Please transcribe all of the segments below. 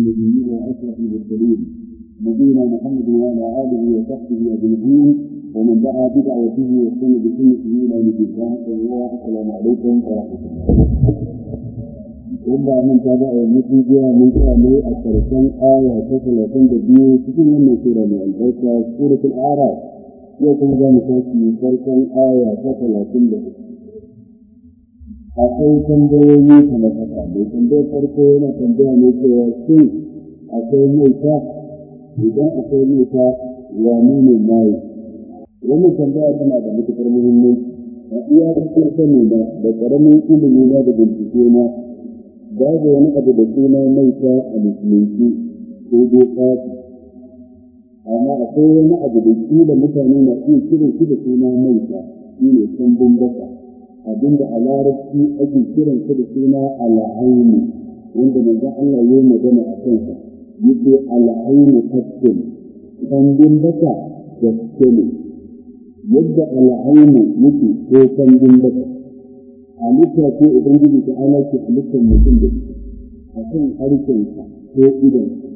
الذي هو أشرف بالدليل نبينا محمد وعلى آله وصحبه أجمعين ومن دعا بدعوته واهتم بسنته إلى مثل الله السلام عليكم ورحمة الله إلا من تابع المسجد من كلام أكثر الشن آية تصل لكم بالدين تكون من سورة من سورة الأعراف يقول ذلك في سورة آية تصل لكم بالدين akwai tambayoyi kamar haka mai tambayar farko yana tambaya ne cewa shin akwai maita idan akwai maita wane ne mai wannan tambaya tana da matukar muhimmanci a iya cikin sani na da karamin ilimi na da bincike na babu wani abu da suna maita a musulunci ko dai tsafi amma akwai wani abu da kila mutane na iya kiran shi da suna maita shi ne tambun baka abinda a larabci ake kiran sa da suna al'aini wanda manzo Allah ya magana a kansa yake al'aini hakkin kambin baka gaske ne yadda al'aini yake ko kambin baka halitta ko ubangiji ta ala ke halittar mutum da ita a kan harshensa ko idonsa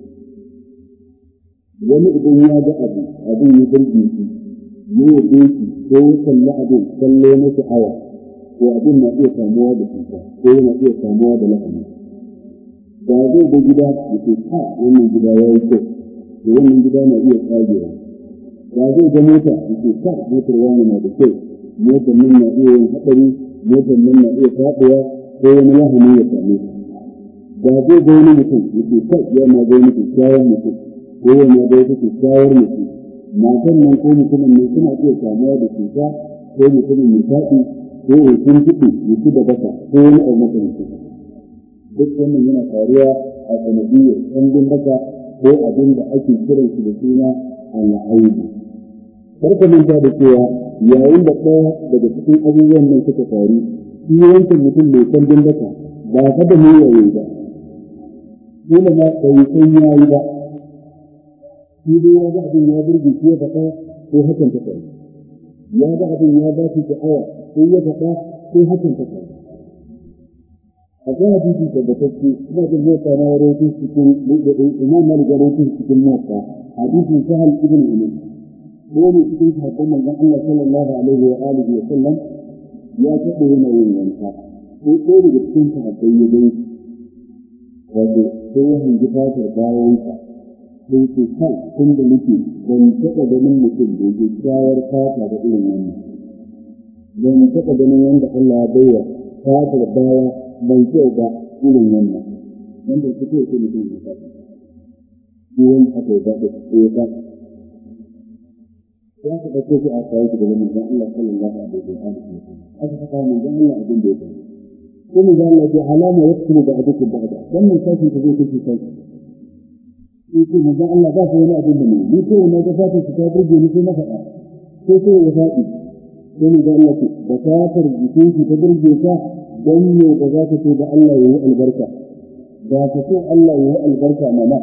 wani idan ya ga abu abin ya zargi shi yi wa doki ko kalli abin kallo na awa. ko abin na iya samuwa da cuta ko yana iya samuwa da lahani da zai da gida da ke ta wannan gida ya yi kyau da wannan gida na iya tsagewa da zai da mota da ke ta motar wani na da kyau motar nan na iya yin haɗari motar nan na iya faɗuwa ko wani lahani ya same ta da zai da wani mutum da ke ta yana da wani kyakkyawan mutum ko yana da wata kyakkyawar mutum matan nan ko mutumin nan suna iya samuwa da cuta ko mutumin mai faɗi ko ya tuntuɓe ya ci da baka ko wani abu makamancin duk wannan yana faruwa a sanadiyyar ɗanɗin baka ko abin da ake kiran shi da suna a al'aibu karka manta da cewa yayin da ɗaya daga cikin abubuwan nan suka faru shi wancan mutum mai ɗanɗin baka ba ka da niyyar ba dole ma kai san yayi ba shi dai ya ga abin ya burge shi ya faɗa ko hakan ta faru ya ga abin ya ba shi sha'awa sai ya faɗa sai hakan ta faru akwai hadisi tabbatacce ina jin mota na ya rawaito cikin imam malik ya rawaito cikin mota hadisin sahal ibn umar Dole ne cikin sahabban manzon Allah sallallahu alaihi wa alihi wa sallam ya taɓa yana yin wanka ko ɗaya daga cikin sahabbai ya gani Wanda sai ya hangi fatar bayansa sai ce kai tun da nake ban taɓa ganin mutum da ke shawar fata da irin wannan ba mu ganin wanda Allah ya baiwa fatar baya ban kyau ba irin wannan wanda su ke ce mutum ya faɗi ko wani aka yi zaɓe ko ya faɗi ya ka ɗauko shi a kawo shi daga manzon Allah sallallahu alaihi wa sallam aka saka manzon Allah abin da ya faɗi ko manzon Allah ya alama ya kuma da abokin ba'da wannan sashin ta zai kashe sashi sai ce manzon Allah ba su wani abin da ne ni ko wani su ta burge ni sai na faɗa sai sai ya faɗi sai da Allah ce bukatar jikin ki ta burge ka dan ne ba za ka so da Allah ya yi albarka ba ka so Allah ya yi albarka mana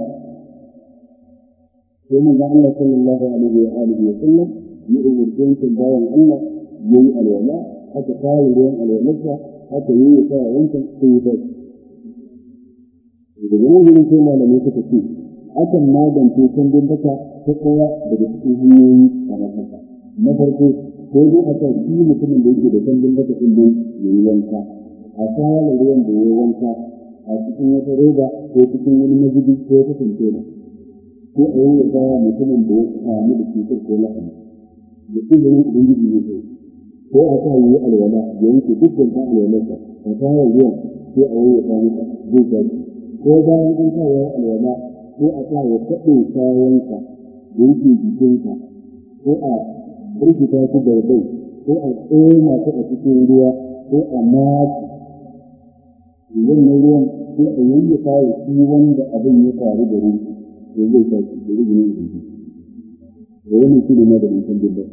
sai mun ga Allah sallallahu alaihi wa alihi wa sallam ya umurce ki bayan Allah ya yi alwala haka kawo ruwan alwalarsa haka yi ya kawo wankan sai ya da wani wurin sai malamai suka ce akan magance kundin baka ta kowa daga cikin hanyoyi kamar haka na farko ko dai a shi mutumin da yake da canjin lokacin da ya yi wanka a kayan ruwan da wanka a cikin wata roba ko cikin wani mazubi ko wata ko a yi wa mutumin da ya da cutar ko lahani da ne ko a sa yi alwala yanke dukkan ta alwalarsa a kayan ruwan ko a yi zai ko bayan an sa alwala ko a sa ya kaɗe kayansa da yake ko a rikita shi da bai ko a tsoma ta a cikin ruwa ko a maki na ruwan ko a yayyafa ya shi wanda abin ya faru da ruwa ko zai tashi da ruwa ne da da wani shi ne madadin kan dubba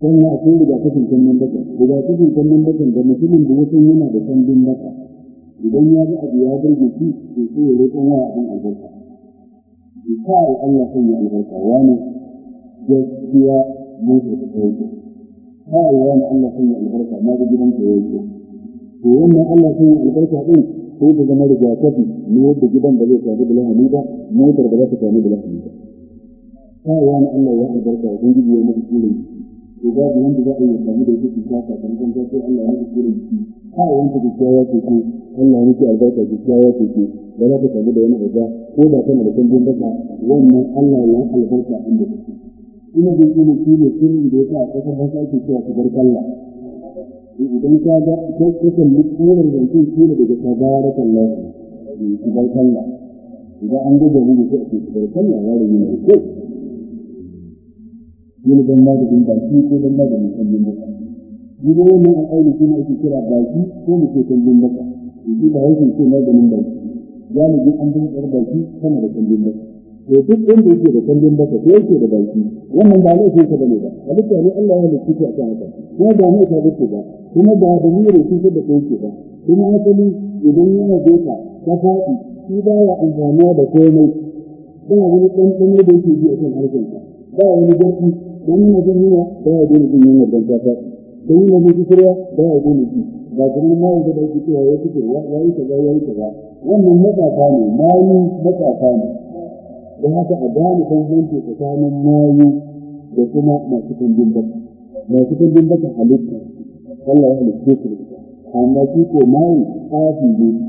sannan akwai rigakafin kan nan baka rigakafin kan nan baka da mutumin da wasu yana da kan baka idan ya ga abu ya burge shi to sai ya roƙon wa abin albarka. Isa Allah sanya albarka wani gaskiya mu da ta yake ha yawan Allah sun yi albarka na ga gidan ta yake to wannan Allah sun yi albarka din ko da zama da jakafi ne yadda gidan da zai samu da lahani ba motar da za ta samu da lahani ba ha yawan Allah ya albarka ya gidi ya mafi kire to ba da yanda za a yi samu da yake ta kasa kan kan sai Allah ya mafi mutu kire ha yawan ta kyawa ce ko Allah ya mutu albarka kyawa ce ko ba za ta samu da wani aza ko da kana da kan baka wannan Allah ya albarka inda an da ina da shi ne shi ne shi ne da yasa a kasar ake cewa shigar kalla idan ka ga kai ka kalli da zancen shi ne daga ta ga ya kalla su bar kalla idan an ga gari da ake su kalla ya rage ne ko shi ne da maganin baki ko da maganin kallon baka shi ne wannan a ainihi ne ake kira baki ko mu ce kallon baka shi ba haifin ce maganin baki galibi an da kallon to eh, duk wanda yake da kallon baka ko yake da baki wannan ba laifin ka bane ba halitta ne Allah ya halitta kan haka kuma ba mai ta dace ba kuma ba da mure shi da kai ba kuma asali idan yana doka ta faɗi shi ba ya amfani da komai ba wani ɗanɗano da yake ji a kan harkarsa ba wani gaski don yana jin yana ba ya dole jin yana don ta faɗi don yana jin kusurwa ba ya dole ji ba kuma ma yanzu da yake cewa ya kusurwa ya yi kaza ya yi kaza wannan matsafa ne mayu matsafa ne da haka a gane bambanci tsakanin mayu da kuma masu kundin baka masu kundin baka halitta Allah ya halitta su amma shi ko mayu tsafi ne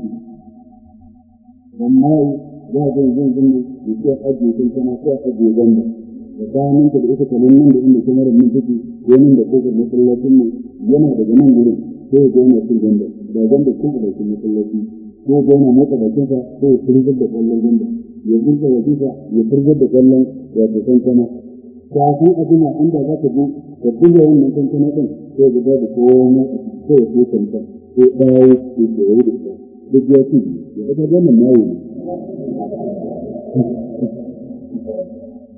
don mayu ya zai zai zai da ya a ajiye kan kana ko ajiye da ta ka da ita kalin nan da inda kamar mun take ko nan da kofar masallacin mu yana daga nan wurin sai ya gona cin ganda da ganda ko da cin masallaci ko gona motsa bakinsa sai ya turbar da kwallon ganda ya buɗe wajifa ya turbar da kallon wato kankana kafin a jima inda za ka bi ka buga wannan kankana ɗin sai ga babu komai a cikin sai ya ko kankan ko ɗaya ya da ya da ita duk ya ce ya ga wannan mayu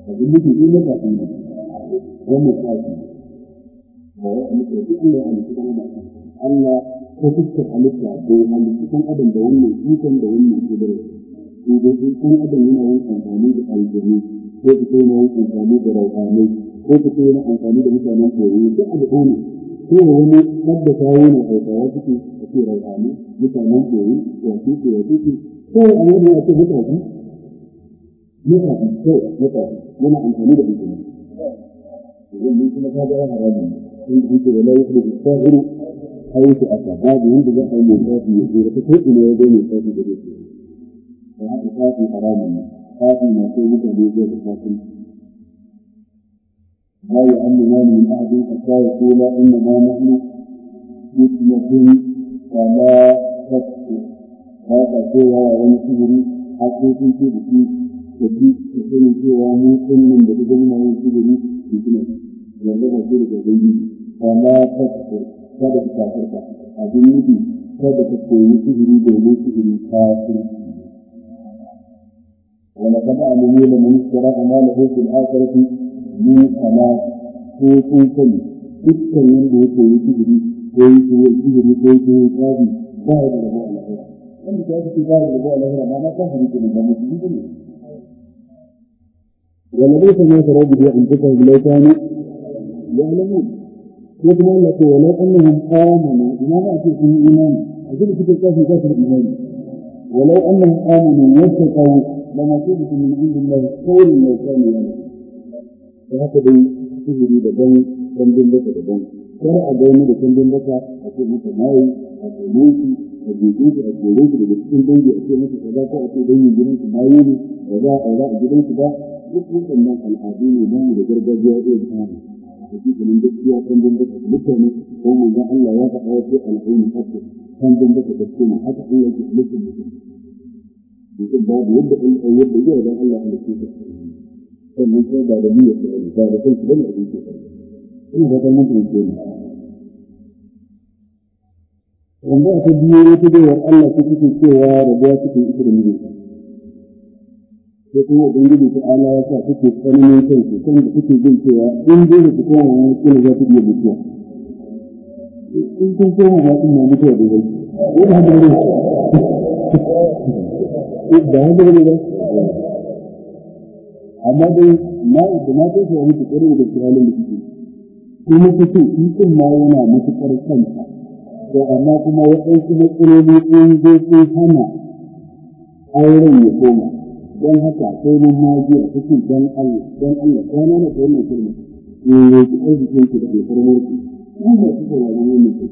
a da mutum yi da kafin ne wannan kafin ba wa a mutu duk ne a mutu kuma Allah ko fuskar halitta ko halittu kan adam da wannan ikon da wannan kudurai ko dai in ɗan adam yana yin amfani da aljanu ko ka ce yin amfani da rauƙanai ko ka amfani da mutanen koyi duk abu ko da wani hadda kawo na aikawa suke a ce rauƙanai mutanen koyi wasu ke wasu ke ko a yadda ya ce mutafi mutafi ko mutafi yana amfani da mutane. Idan kuma ka ga haramun sun kuke da laifin da tsahiru aiki a da za a yi mai tsafi ya ce da ta ko ina ya zo mai da zai da haka fafi haramun ne fafi na kai mutane zai da fafi لا يؤمن من na حتى يقول إنما نحن فتنة فلا تكفر هذا cewa wani kibiri a cikin kibiri da bi da sanin cewa mun san nan da duk muna yin kibiri da kuma wanda ba shi daga gani fala takku kada ka kafirka abin nufi kada ka koyi kibiri domin ta kafirka ولقد أعلمي من يشترى أماله في الآخرة من الصلاة فيكون كل اكثر من بيته يتجري بيته يتجري بيته يتجري بعد لبوء الأخرة لم تجد بعد لبوء الأخرة ما ما تهري كل ما تجري ولديك ما تراجع في أنفسه لو كان يعلمون يقول الله تعالى أنهم آمنوا بما ما أتيتهم إيمانا أجل في تلك الكافة ولو أنهم آمنوا واتقوا لنصيبكم من عند الله خير ما كان يعمل وهكذا سجدي بدن تنبين لك بدن شرع بين da tundun baka a ce masa nayi a tsoro shi a jeje shi a tsoro shi daga cikin dangi a ce masa kaza ko a ce dangin gidan su bayi za a za a ba duk waɗannan al'adu ne ba mu da gargajiya ɗaya da tsari a cikin gaskiya tundun baka mutane ko manzon Allah ya faɗa ya ce al'ainu hatta tundun baka gaskiya haka Allah ya ce mutum mutum babu yadda in an yadda yi wajen Allah da ke sannan kuma ba da niyyar su bane ba da kan su bane abin ke bane ina da kan mutum ke ne wanda aka biyo wata bayar Allah ta kuke cewa rabuwa cikin ita da mijinta sai kuma ubangiji ta ala ya sa kuke tsananin kanku kan da kuke jin cewa in dole ku koma wani kila za ku iya mutuwa in kun koma ba kun ma mutuwa da rai ko da haka Eh, ba haka bane ba amma dai na da na kai shi ki kare da halin da kike ko muke ce in kun ma yana mutukar kanta to amma kuma waɗansu matsaloli sun zo sun hana auren ya koma don haka sai mun ma ji a cikin dan Allah dan Allah kana na kai mai kirma eh ki aiki ki da ke farmar kuma ba ki da wani ne ki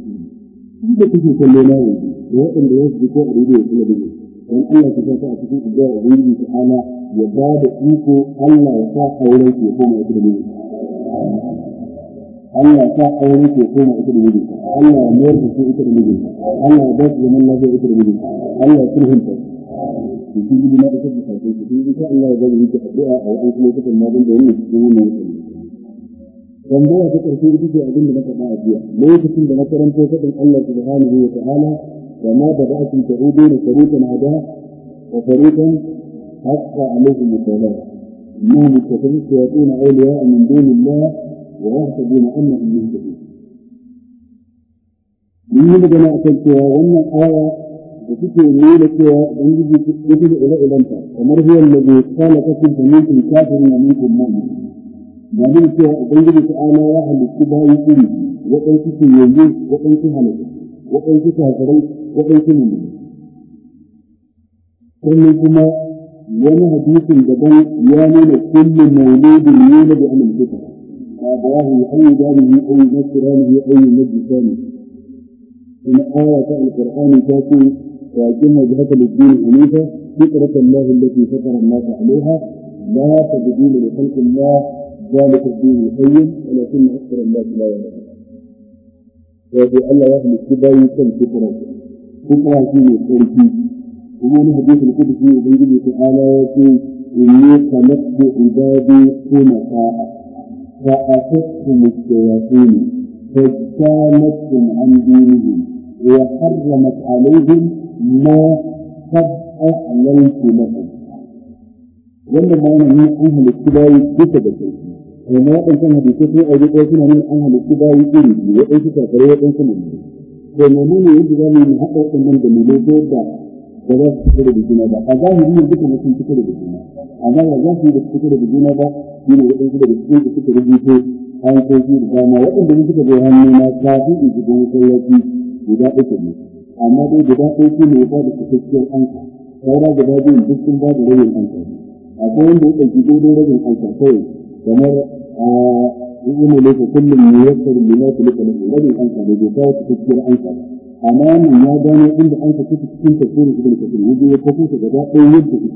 da kike na yanzu waɗanda ya ji ko a da don Allah ta kanta a cikin addu'a ubangiji ta ala ya ba da iko Allah ya sa auren ke koma ita da mijinta Allah ya sa auren ke koma ita da mijinta Allah ya mayar da su ita da mijinta Allah ya ba su zaman lafiya ita da mijinta Allah ya sulhunta su sun gudu na isar da sarkin su sun gudu Allah ya ba addu'a a da cikin wannan tambaya ta ƙarshe ita ce abin da na faɗa a jiya lokacin da na karanto faɗin Allah subhanahu wa ta'ala وما بدأتم تعودون فريقا عداء وفريقا حق عليهم الضلال انهم يتخذون الشياطين اولياء من دون الله ويعتقدون انهم يهتدون من يبدا ناقشتها وان آية وفي الميلة فيها ونجد مثل إلى إلى أنت ومن هو الذي قال لكم فمنكم كافر ومنكم مؤمن ما من فيها تعالى واحد السباعي كله وقلت في اليوم وقلت هلكم وقيت كافرين وقيت مؤمنين كلكما يوم حديث جبل يامن كل مولود يولد عن الفطرة فأبواه أي دانه أي نصرانه أي مجلسانه ثم آية القرآن تأتي فأجمع جهة للدين حنيفة فطرة الله التي فطر الناس عليها لا تبدين لخلق الله ذلك الدين الحي ولكن أكثر الناس لا يعلمون wato Allah ya halitta bayi kan fitra fitra shi ne sarki kuma wani hadisi da kuka shi ubangiji ta ala ya ce inni khalaqtu ibadi hunafa'a fa atattum ash-shayatin fajtalatum an dinihim wa harramat alayhim ma qad ahlaltu lahum wannan ma ne an halitta bayi duka da sarki kuma waɗancan hadisai sun aure ɗaya suna nuna an halittu bayi iri biyu waɗansu karkare waɗansu mummuni to menene yadda za mu yi haɗa waɗannan dalilai ta yadda ba za su fito da juna ba a zahiri ne duka mutum fito da juna a zahiri za su yi da fito da juna ba shi ne waɗansu daga cikin da suka rubuto an kai shi da dama waɗanda ne suka zo hannu na kafin in shiga masallaci guda ɗaya ne amma dai guda ɗaya ne ya ba da cikakkiyar ansa saura guda biyun duk sun ba da rabin ansa akwai wanda ya ɗauki daidai rabin ansa kawai kamar a ilimin da kullum ne ya tsari da ya tsari da rabin ansa da bai kawo cikakkiyar ansa amma mun ya gano inda ansa take cikin tafsirin ibn kathir yaje ya kafa ta gaba ɗaya yadda take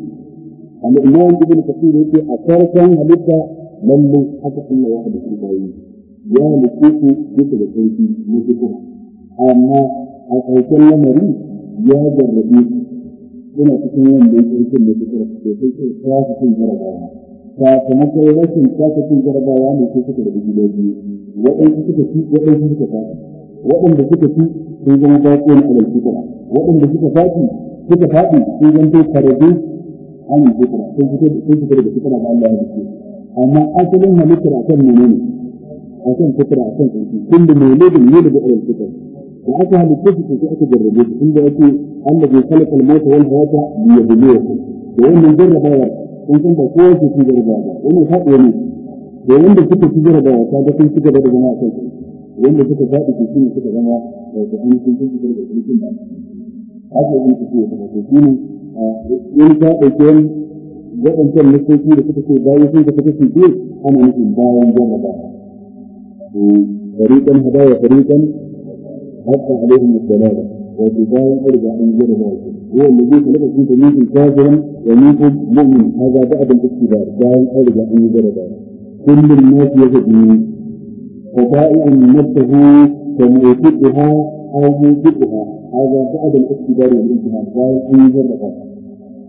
amma imam ibn kathir yake a farkon halitta lalle haka Allah ya hada shi bayi ya halitta ku duka da sauki na shukura amma a ƙarshen lamari ya jarrabe ina cikin wanda ya ƙarshen da shukura sosai sai jarabawa sakamakon rashin kasafin jarabawa ne sai suka da gida biyu suka fi suka waɗanda suka fi sun zama baƙon alal waɗanda suka faɗi suka faɗi sun zama karabe an fitra sun fito sun fito da fitra da Allah ya dace amma asalin halittar akan menene akan akan sarki tun da mai lodin ne daga alal da aka halitta su sai aka jarrabe su inda yake Allah bai kalakal mota wal hayata liyabluwakum da wannan jarrabawar kun ba kowa ke cin jarabawa ba wannan faɗuwa ne da wanda suka ci jarabawa ta ga sun ci da zama a kai wanda suka zaɓi ke shine suka zama da ta hannun sun ci gaba da sun ba haka yin su ya kamata shi ne wani ta ɗauke wani waɗancan nasoki da suka ce bayan sun ka fita su ana nufin bayan jarabawa to fariƙan hadaya fariƙan haƙƙan alaihim musalama وتباين أرجع أن يجرى ذلك هو الذي خلق كنت منكم كافرا ومنكم مؤمن هذا بعد الاختبار باين أرجع أن يجرى كل الناس يجدون فطائع نفسه فموثقها أو موثقها هذا بعد الاختبار والامتحان باين أن يجرى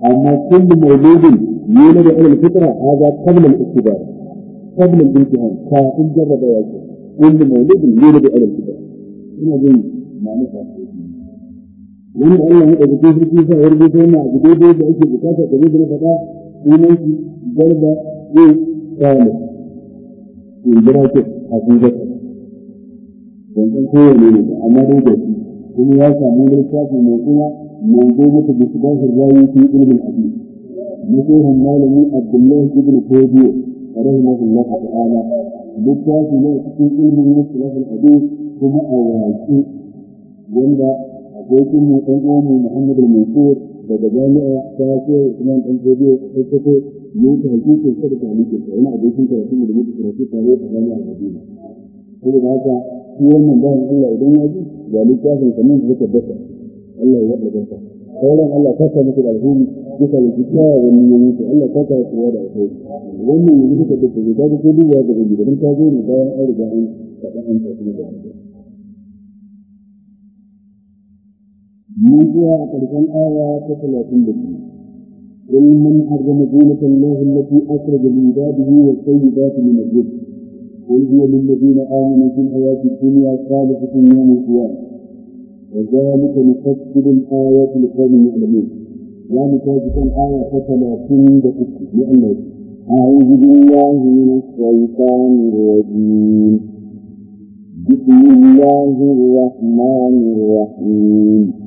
أما كل مولود يولد على الفطرة هذا قبل الاختبار قبل الامتحان كافر جرب يا كل مولود يولد على الفطرة هنا جيد ما نفعل wanda Allah ya ɗauki sarki sa ya rubuta yana a daidai da ake bukata da zai fata sunan shi garba zai kawo in jira ke a sun zaka ban san kowane ne ba amma dai da shi kuma ya samu littafi mai kuma mai zo mata da shugabar rayu yi ilimin hadisi mutuhin malami abdullahi ibn kodiyo rahimahullah ta'ala littafi ne cikin ilimin musulafin abu kuma a waki wanda abokin mu ɗan uwan mu Muhammad Mansur daga jami'a ta ce kuma ɗan Jodiyo ta ce mu ta hakiki ta da ke tsaye na abokin karatu da mutu karatu tare a jami'a da Kuma da haka shi wannan bayan Allah idan ya ji ga littafin kamar da suka dasa Allah ya waɗa dasa sauran Allah ta samu kuɗa alheri duka da kyakkyawa wani yi wuce Allah ta ka kowa da alheri wannan yanzu duka dasa ne ta ga ko duba ga gidi don ta zo ne bayan an riga an faɗa an tafi da alheri mun zuwa a ƙarshen aya ta قل من حرم زينة الله التي أخرج لعباده والسيدات من الرزق قل هي للذين آمنوا في الحياة الدنيا صالحة يوم القيامة وذلك نفصل الآيات لقوم يعلمون لا متاجة الآية فثلاثين دقيقة لأنه أعوذ بالله من الشيطان الرجيم بسم الله الرحمن الرحيم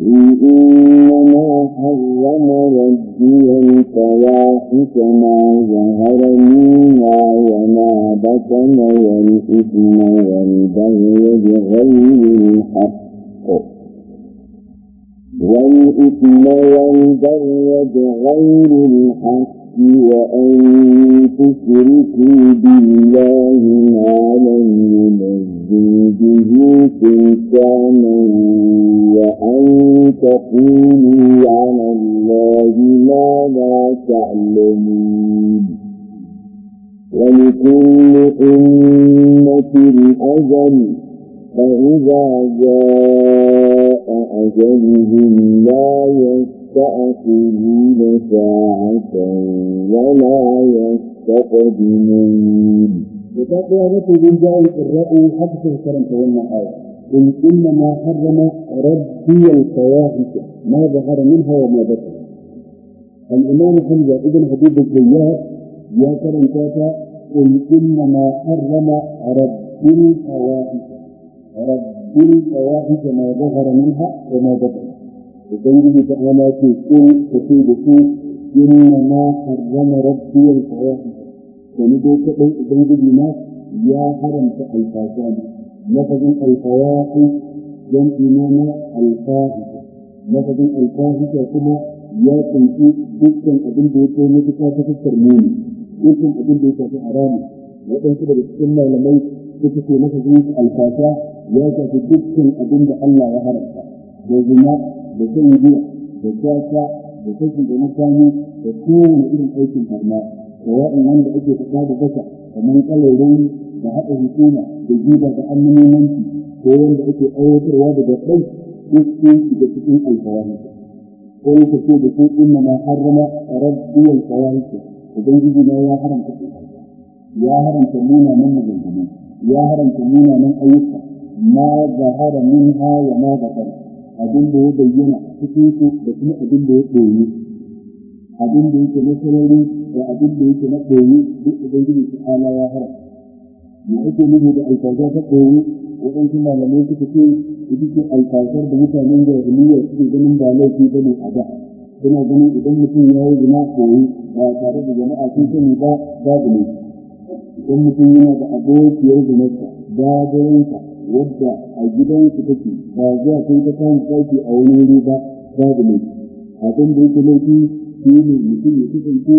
إنما حرم ربي الفواحش ما ظهر منها وما بطن والإثم والبغي بغير الحق والإثم والبغي بغير الحق وأن تشركوا بالله ما لم ينزل به سلطانا وأن تقولوا على الله ما لا تعلمون ولكل أمة أجل فإذا جاء أجلهم لا يستطيعون يستأخرون ساعة ولا يستقدمون وتقرأت بالجاء القراء حدث الكرم في آية قل إنما حرم ربي الفواحش ما ظهر منها وما بطن الإمام حمزة ابن حبيب الزيار يا كرم كاتا قل إنما حرم ربي الفواحش ربي الفواحش ما ظهر منها وما بطن ubangiji ta ana ce kun ku ce da ku inna ma harrama rabbi al fawahi to ni dai kadan ubangiji na ya haramta al fawahi lafazin al fawahi dan imama al fawahi lafazin al fawahi kuma ya kunshi dukkan abin da yake na duka ta fuskar nuni dukkan abin da yake harama waɗansu daga cikin malamai suka ce lafazin al fawahi ya shafi dukkan abin da Allah ya haramta da zina da shan giya da kyakya da kashin da mutane da kowane irin aikin barna da wa'in wanda ake fita da baka kamar kalolin da haɗa hukuma da jiba da annabawanci ko wanda ake aiwatarwa daga ɗai ko da cikin alfawari ko ka ce da sun inna ma harrama rabbiyal fawahisha ubangiji ne ya haramta ya haramta munanan maganganu ya haramta munanan ayyuka ma zahara minha wa ma batara abin da ya bayyana cikin su da kuma abin da ya koyi abin da yake na sarari da abin da yake na koyi duk ubangiji su ala ya hara me ake nufi da alfarza ta koyi waɗansu malamai suka ce ita ce alfarkar da mutanen jahiliya suke ganin ba laifi ba ne a da suna ganin idan mutum ya yi zina koyi ba tare da jama'a sun sani ba babu ne idan mutum yana da abokiyar zinarsa ginarsa yanka wadda a gidansu take ba zuwa kai ta kawo ɗaki a wani wuri ba da mai abin da yake laifi shi ne mutum ya kasance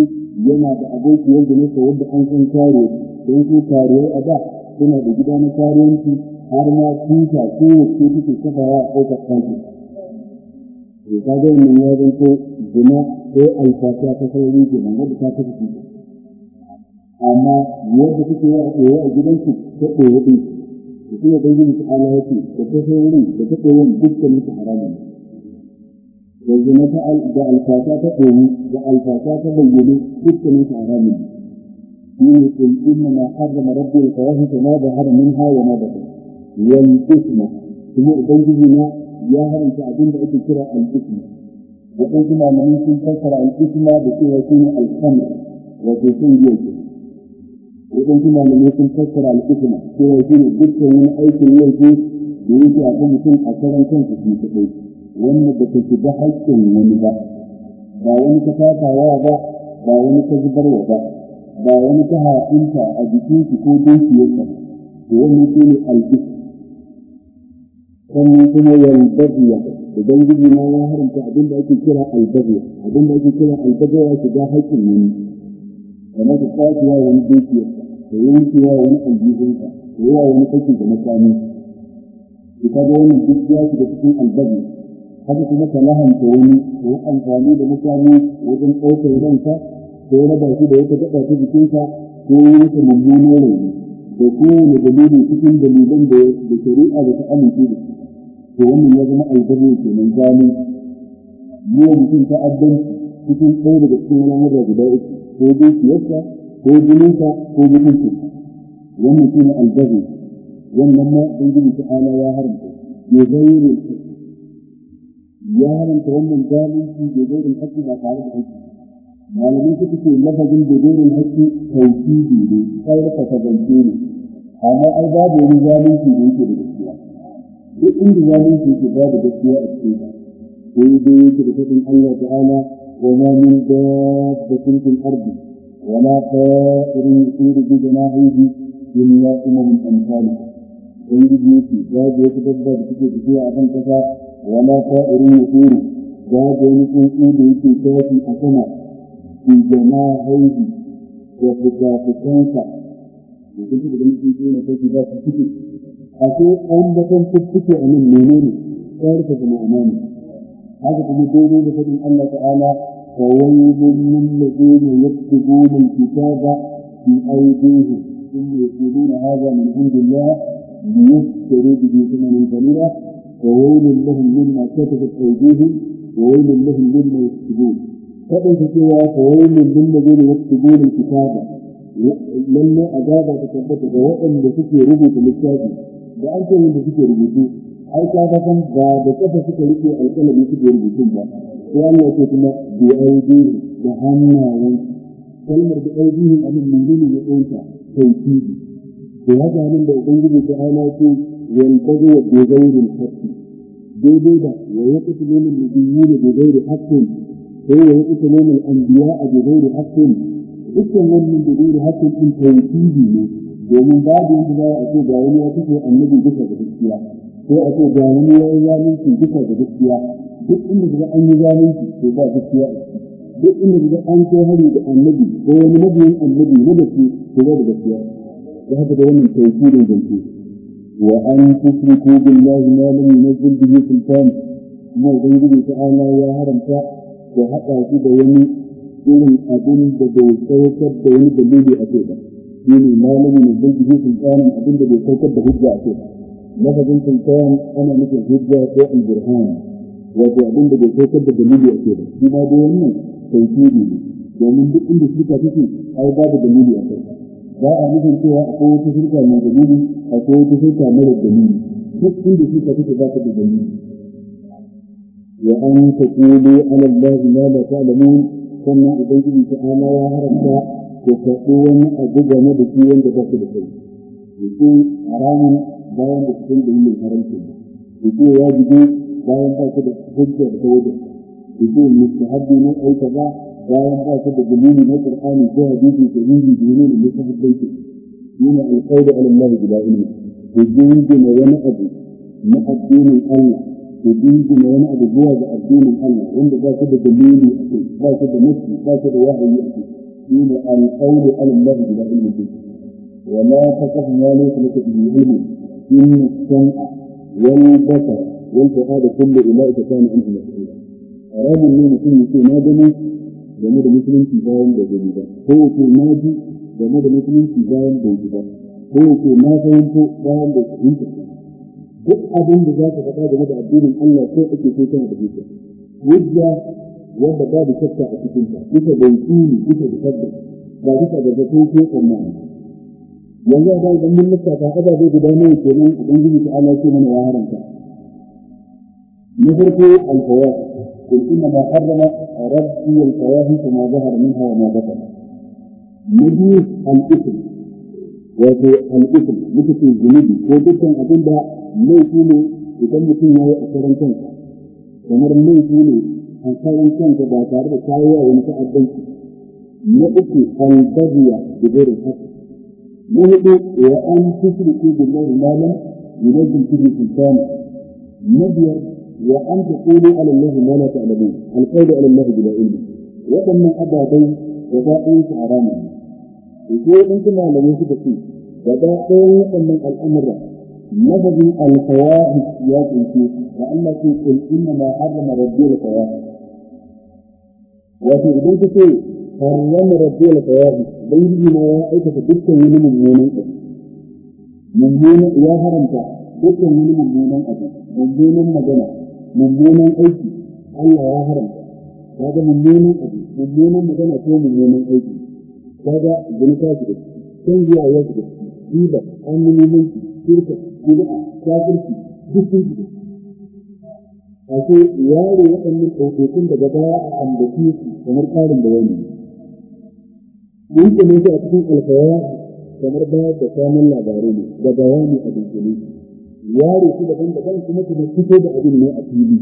yana da abokiyar da nasa wadda an san kare don su kare a da suna da gida na kariyanci har ma tuta ko wacce take kafawa a ɗaukar kansu. To ka ga wannan ya ko zina ko alfata ta ke nan wadda ta kafa tuta. Amma yadda suke yi a ɗaya a gidansu ta ɗaya ɗin da kuma ubangiji ta ala yake da ta sauri da ta koyon dukkanin su haramun da zina ta da alfata ta koyi da alfata ta bayyane dukkanin su haramun shi ne kun inna ma harrama rabbi al-fawahish ma da har hawa wa ma da yan isma kuma ubangiji na ya haramta abin da ake kira al-isma wadansu malamai sun fassara al-isma da cewa shine al-khamr wato sun yi waɗansu malamai sun fassara al'ikima cewa shi ne dukkan wani aikin laifi da yake a kan mutum a karan kansa shi kaɗai wanda ba ta shiga haƙƙin wani ba ba wani ka tafawa ba ba wani ka zubarwa ba ba wani ka haƙinta a jikin shi ko dukiyarsa to wannan shi ne al'ikima sannan kuma yalbaziya idan gidi na ya haramta abin da ake kira albaziya abin da ake kira albaziya shiga haƙƙin wani kamar ka kwace wani dukiyarsa ka yanke wa wani aljihunsa ka yi wa wani aiki da makami ki kaga wannan duk ya shiga cikin albabi haka kuma ka lahanta wani ko amfani da makami wajen ɗaukar ranka ko na shi da wata gaɓa ta jikinka ko wata mummunan rauni da kowane dalili cikin dalilan da shari'a da ta amince da su to wannan ya zama albabi kenan zamu yi wa mutum ta'addanci cikin ɗaya daga cikin wani guda uku ko dukiyarsa ko jininsa ko mutunci wannan shine albazu wannan ma gudu ta ala ya haramta ya zaire ya haramta wannan zalunci da zairin haƙƙi ba tare da haƙƙi malamai suka ce lafazin da zairin haƙƙi tauhidi ne sarrafa zance ne amma ai babu wani zalunci da yake da gaskiya duk inda zalunci yake babu gaskiya a cikin Ko sai dai yake da kasan Allah ta'ala وما من دابة في الأرض ولا طائر يطير بجناحيه إلا أمم أمثالك أي بيوت لا بيت بابا بكتير بكتير أفن ولا طائر يطير لا بيت بيت بيت أفن في جناحيه وفتا فتنسا يجب أن يكون هناك بيت بيت أكو أن لكم تبكت عن المنون تعرف أمامي هذا بيقولون لكم الله تعالى فويل للذين يكتبون الكتاب بأيديهم ثم يقولون هذا من عند الله ليشتروا به ثمنا قليلا وويل لهم مما كتبت أيديهم وويل لهم مما يكتبون فإن سوى فويل للذين يكتبون الكتاب لما أجاب تثبت وإن لسكي ربط للكاتب da an ce da ai ka ba da kafa suka rike alƙalami suka mutum ba sai Allah ce kuma bi aidihi da hannayen kalmar da aidihi abin mun gina ne ɗansa tauhidi to haka nan da ubangiji ta ana ce yantazu wa bi ghairil haqqi daidai da wa yaqtulu lil nabiyyin bi ghairi haqqin sai wa yaqtulu lil anbiya bi ghairi haqqin dukkan wannan da ghairi haqqin din tauhidi ne domin babu yadda za a ce ga wani ya kace annabi bisa gaskiya ko a ce ga wani ya yi zalunci bisa da gaskiya duk inda kaga an yi zalunci to ba gaskiya duk inda kaga an kai hari da annabi ko wani mabiyin annabi na gaske to ba da gaskiya da haka da wannan tausirin zance wa an tusriku billahi ma lam yunzil bihi sultan mu ta ana ya haramta da haɗa shi da wani irin abin da bai saukar da wani dalili a kai ba shi ne malamin da zai ji sultanin abin da bai saukar da hujja a kai ba lafazin sultan ana nufin hujja ko al-burhan wato abin da bai da dalili a ba. shi ma da wannan tauhidi ne domin duk inda shirka take ai babu dalili a kai ba a nufin cewa akwai wata shirka mai dalili akwai wata shirka mara dalili duk inda shirka take ba ta da dalili wa an taqulu ala allahi ma la ta'lamun sannan ubangiji ta'ala ya haramta ko faɗi wani abu da shi wanda ba su da kai bayan da cikin da yin haramcin ya ce ya jibi bayan ba shi da hujjar ta wajen ya ce mustahabbi ne ai kaza bayan ba shi da dalili na qur'ani ko hadisi ko yin dalili ne mustahabbi ne yana alqaida ala Allah bila ilmi ya jingina wani abu na addinin Allah ya jingina wani abu zuwa ga addinin Allah wanda ba shi da dalili ba shi da nufi ba shi da wahayi a cikin shine alqaida ala Allah bila ilmi ولا تقف ما ليس لك به علم إن السمع والبصر والفؤاد كل أولئك كان عنه مسؤولا أراد النوم كل شيء ما جمع game da musulunci bayan da gani ko ko na ji game da musulunci bayan da ji ba ko ko na fahimto bayan duk abin da za ka faɗa game da addinin Allah ko ake so kana da wanda babu shakka a cikin ta ita da yake ne da tabbata ba duka da zato ko tsammani yanzu a idan mun lissafa ababe guda nan kenan ubangiji ta ala ce mana ya haramta na farko alfawahi قل إنما حرم ربي الفواحش ما ظهر منها وما بطن نبي الإثم wato al'isul mutukin zunubi ko dukkan abin da laifi ne idan mutum ya yi a karan kanka kamar laifi ne a karan kanka ba tare da kawo wani ta'addanci na uku albaziya da zai haka نهدو وأن تشركوا بالله ما لم ينزل به سلطانا نبيا وأن تقولوا على الله ما لا تعلمون القول على الله بلا علم وأما أبابين وباقين حراما يقول أنت ما لم يجد فيه وباقين وأما الأمر نبذ الفواحش سياق فيه وأما تقول إنما حرم ربي الفواحش وفي ذلك kawai mara ce da kawai bayyana ma ya aikata dukkan wani mummunan abu mummunan ya haramta dukkan wani mummunan abu mummunan magana mummunan aiki Allah ya haramta kaga mummunan abu mummunan magana ko mummunan aiki kaga zunta ki da kan ya ya ki riba an mun mun ki kirka kuma kafirci dukkan ki a ce yaro waɗannan ɗaukokin daga baya a ambaci su kamar ƙarin bayani ne mun kuma shi a cikin alfawa kamar bayar da samun labarai ne da bayani a dunkule yaro shi daban daban kuma kuma fito da abin ne a fili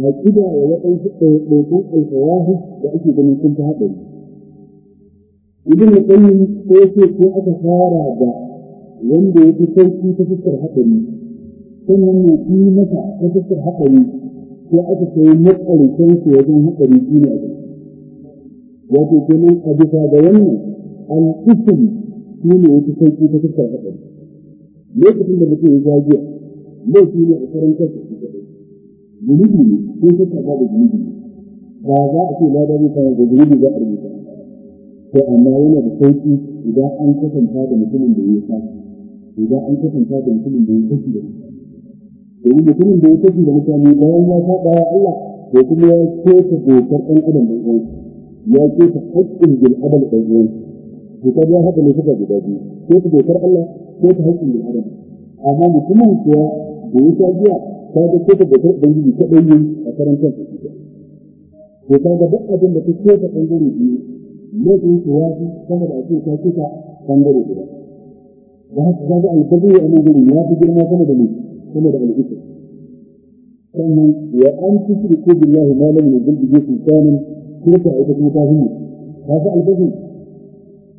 a kida wa waɗansu ɗaiɗaikun alfawahi da ake ganin sun fi haɗari idan da ɗanyi ko ce ko aka fara da wanda ya fi sauƙi ta fuskar haɗari sannan mai fi masa ta fuskar haɗari ko aka kai matsarikin su wajen haɗari shi ne a wato kenan a bisa ga wannan an isin shi ne wata sauki ta fuskar haɗari lokacin da mutum ya jagiya shi ne a karan kansa shi kaɗai zunubi ne ko ta karɓa da zunubi ba za a ce na da zai kawo da zunubi za a rubuta to amma yana da sauki idan an kasanta da mutumin da ya sa idan an kasanta da mutumin da ya kashi da domin mutumin da ya kashi da mutane bayan ya saɓa wa Allah ko kuma ya keta dokar ɗan adam da ya ya ce ta haƙƙin bil adam ɗan uwan ta biya haka ne suka guda biyu ko ta dokar Allah ko ta haƙƙin bil adam amma mutumin kuwa da ya sha giya ta ga ko ta dokar ubangiji ta ɗan yin a karantar da ita to kaga duk abin da ta ce ta ɓangare biyu laifin kuwa su sama da ake ta ce ta ɓangare guda da haka kaga alkabi a nan gurin ya fi girma sama da ne sama da al'ikir sannan ya an tushriku malamin ma lam yunzil bihi sultanan shirka ita kuma ta hinni ta fi alkafin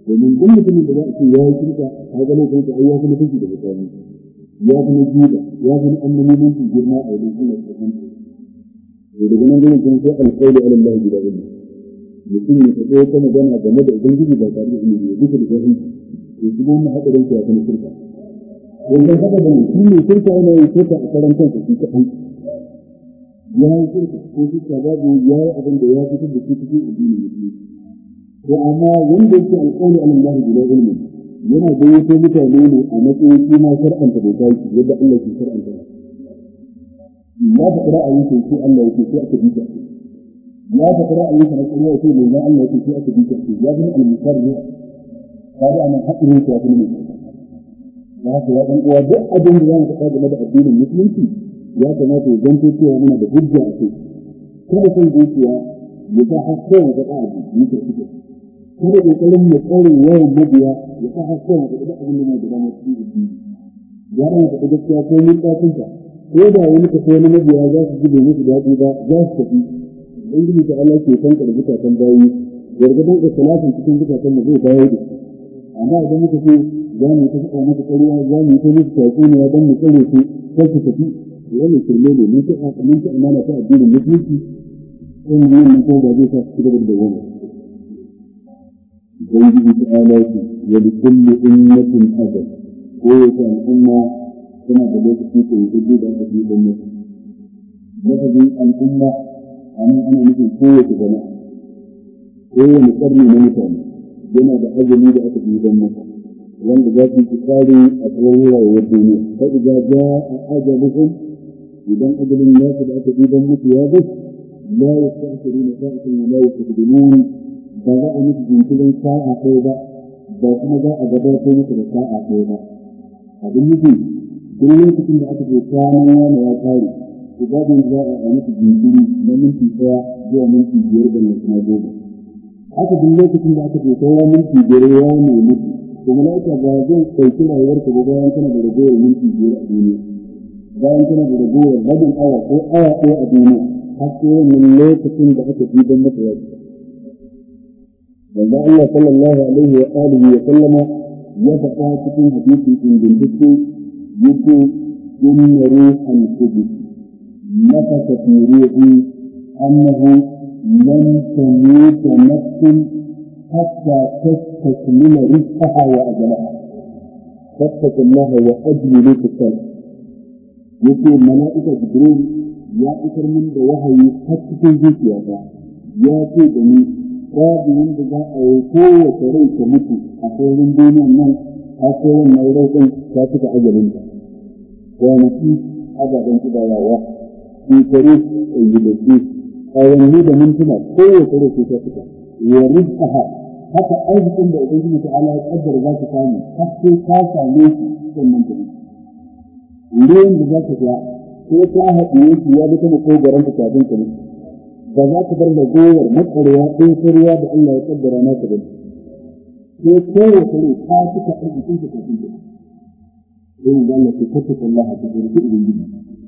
domin duk mutumin da za a ce ya yi shirka ta ga laifin ta ya fi mutunci daga ya fi na jiba ya fi na annabi girma a wajen Allah ta to daga nan gurin kuma sai alƙawli ala Allah gida mutum ne ta tsaye ta magana game da ubangiji ba tare da ilimi ya duka da jahil to shi ma haɗa ranka ya fi na shirka wanda haɗa da mutum ne shirka yana yin shirka a karan kansa shi ya yi shirka ko shirka babu ya yi abin da ya fitar da shi cikin addinin musulunci to amma wanda yake alƙawari Allah bila ilmin yana da yato mutane ne a matsayin shi ma shar'anta da ta yi yadda Allah ke shar'anta ya faɗi ra'ayin sai shi Allah ya ke yake a aka bita ya faɗi ra'ayin sai aka yake ne ya Allah yake a aka bita ya zama al-musar ne kaga ana haƙin ne ta kuma ne da haka ya ɗan uwa duk abin da ya zan faɗa game da addinin musulunci ya kamata ya zanto cewa muna da hujja a kai kada san zuciya ya ta wa ga ƙa'adi muke cikin kada ƙoƙarin ya tsare yawan mabiya ya ta wa ga ɗaɗa abin da mai gida masu cikin ya ɗan ka gaskiya ko mun ɗakin ka ko da wani ka wani mabiya za su jibe musu daɗi ba za su tafi ubangiji ta Allah ke san ƙarfi ta kan bayi gargadan ikhlasin cikin zukatan mu zai bayar da shi amma idan muka ce za mu ta faɗa musu ƙarya za mu ta musu tatsuniya don mu tsare su kai su tafi wani kirme ne mun ta mun ta amana ta addinin musulunci ko mun nan ko da zai ta ci gaba da wani ubangiji ta alaƙi ya bi kullu ummatin adab ko ya ta al'umma suna da lokaci ko ya kudu da aka fi gwamnati lafazin al'umma a nan ana nufin kowace jama'a kowane ƙarni na mutane yana da azumi da aka fi gwamnati wanda za su yi tsari a tsawon wurare duniya ta idan ja a ajaluhum idan ajalin nasu da aka ɗiban musu ya zo la yasta'khiruna sa'atan wa la yastaqdimun ba za a musu jinkirin sa'a ko ba ba kuma za a gabatar musu da sa'a ko ba abin nufi duk lokacin da aka ce kwanan yana ya kare ku ibadin za a musu jinkiri na minti ɗaya zuwa minti biyar da na kuma goma Aka duk lokacin da aka ce sauran minti biyar ya ne mutu to mala'ika ba zai ɗauki rayuwarka ba bayan kana da ragowar minti biyar a duniya bayan tana da ragowar rabin awa ko awa ɗaya a duniya har sai wannan lokacin da aka fi don mata yau. Wanda Allah sallallahu alaihi wa alihi wa sallama ya faɗa cikin hadisi ingantacce yake inna ruhan kudus nafasa fi ruhi annahu lan tamuta nafsun حتى تستكمل رزقها وأجلها فاتقوا الله وأجملوا في الصلاة Yake mala'ika jibril ya isar min da wahayi har cikin zuciyata ya ce da ni babu wanda za a yi kowace rai ta mutu a sauran duniya nan har sai wannan rai ɗin ta cika ajalinta kwanaki ababen kidayawa kare a yi da mintuna kowace rai ce ta cika wa rizqaha haka arzikin da ubangiji ta ala ya kaddara za su samu har sai ta same shi sannan ta mutu ruwan da za ka sha ko ka haɗiye shi ya bi ta makogaron ka kafin ka mutu ba za ka bar ragowar matsarewa ɗin ruwa da Allah ya kaddara na ka bane ko kowace ne ka cika arzikin ka kafin ka mutu إن قال في كتب الله تبارك وتعالى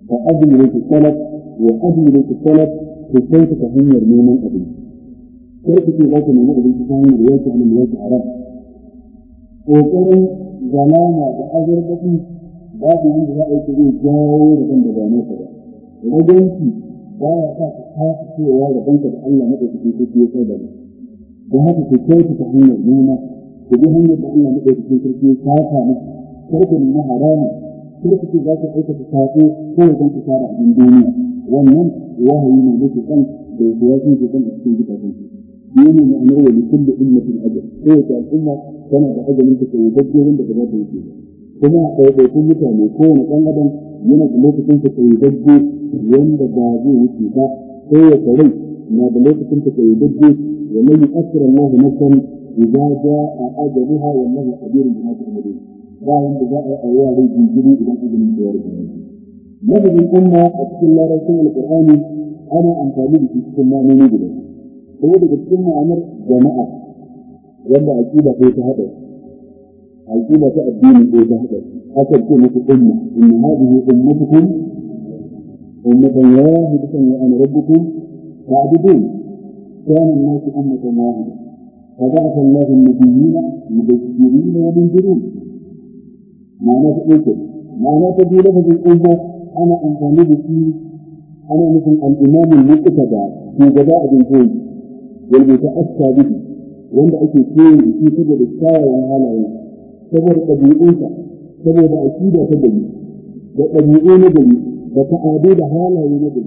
فأدمر في الطلب وأدمر في الطلب في كيف تهني المؤمن أبي كيف في ذات المؤمن أبي تفهم رواية عن رواية عرب وكان ظلام وأجر بكم babu wanda za a yi zai jawo rabon da ba nesa ba raganci ba ya sa ka kasa cewa rabonka da Allah maɗaukaki ko ya kai da ni don haka ku kyautu ta hanyar noma ku bi hanyar da Allah maɗaukaki sarki ya kafa maka karku na harama karku ce za ka aikata sako ko wajen ku fara abin duniya wannan wahayi ne nake kan da ya kuwa sun ke kan a cikin gidajen ku dole ne a narwa da kullum ummatin ajal kowace al'umma tana da ajalin ta kai wajen da ba za ta wuce ba kuma a ɗaiɗaikun mutane kowane ɗan adam yana da lokacin sa kayyadajje wanda ba zai wuce ba kowace rai na da lokacin sa kayyadajje wannan yi asirar Allah na san idza jaa ajaluha wallahu qadirun bima ta'malun ba wanda za a yi ayyuka rai jinjiri idan ajalin sa da riga madadin umma a cikin larabcin alqur'ani ana amfani da cikin ma'anoni guda ɗaya daga cikin ma'anar jama'a wanda aqida ɗaya ta haɗa عقيدة الدين بوجهة حتى تكون أمة إن هذه أمتكم أمة واحدة وأنا ربكم فاعبدون كان الناس أمة واحدة فبعث الله النبيين مبشرين ومنذرين معناه تقول معناه تقول لفظ الأمة أنا أنتمي به أنا مثل الإمام المقتدى في جداء بن والمتأسى به wanda ake في da الساعة saboda saboda ɗabi'unsa saboda aƙida ta gari da ɗabi'u na gari da ta'adu da halaye na gari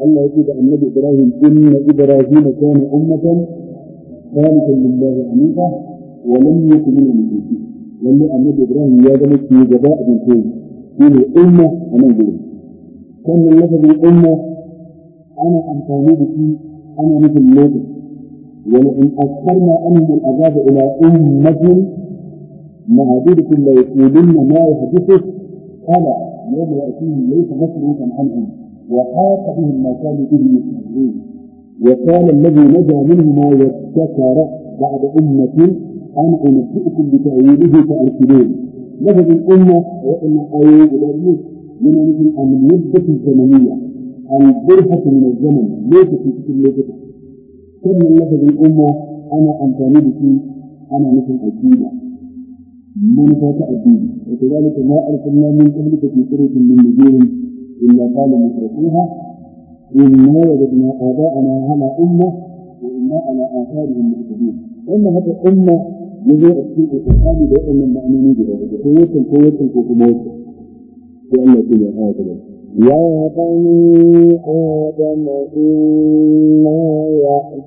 Allah ya ce da annabi Ibrahim inna Ibrahim kana ummatan qanitan lillahi hanifa wa lam yakun min al-mushrikeen lalle annabi Ibrahim ya zama ki gaba abin koyi shine umma anan gurin sannan lafazin umma ana amfani da shi ana nufin lokaci ولئن أكثرنا أنهم العذاب إلى أمة معابدكم ليقولن يقولن ما يحدثه ألا يوم ياتيه ليس مصروفا عنهم وحاق بهم ما كانوا به يستهزئون وقال الذي نجا منهما وابتكر بعد أمة أنا أنبئكم بتأويله فأرسلون لفظ الأمة وإن آية إلهية من مثل أن المدة الزمنية البرهة من الزمن ليس في كل لغة كم من لفظ الأمة أنا أمتاني بك أنا مثل أجيبة manufa ta addini wa kadhalika ma arsalna min qablika fi quryatin min nadirin illa qala mutrafuha inna wajadna aba'ana ala umma wa inna ala atharihim muhtadin wannan haka umma yazo a cikin alqur'ani da wannan ma'anoni guda da ko ko ko kuma Allah ya يا بني آدم إِنَّا يأتينكم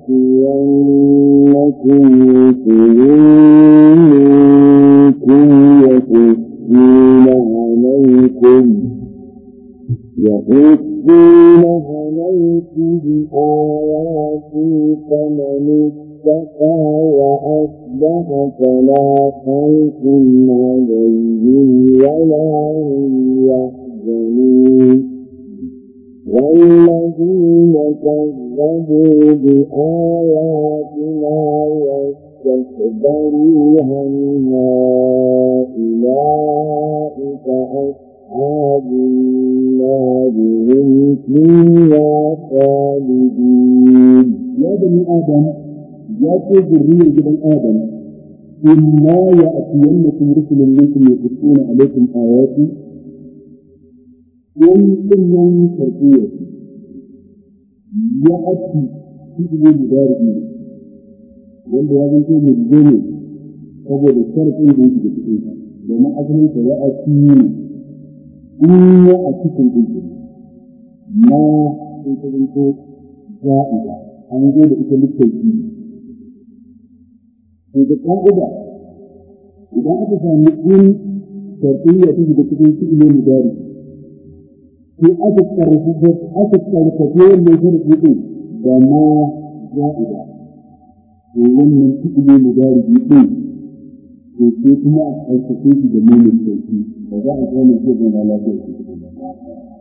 رسل منكم يقصون عليكم يقصون عليكم آياتي فمن اتقى وأصلح فلا خوف عليهم ولا هم يحزنون الظالمين والذين كذبوا بآياتنا واستكبروا عنها أولئك أصحاب النار هم فيها خالدين يا بني آدم يا جبريل جبل آدم إما يأتينكم رسل منكم يقصون عليكم آياتي وان كنا تركيه يأتي فيه مداربين wanda ya zanto ne saboda da yake da cikin sa domin asalin sa ya ne in ya a cikin na sun ta zanto za'ida an zo da ita littafi da ka'ida idan aka sami in ya da cikin ne mu في أكد كارثة أكد كارثة اللي يجرب يقول وما زائدة ومن تقلي مدارج يقول وكما أستطيع جميل التوحيد فذا أكون كذا على ذلك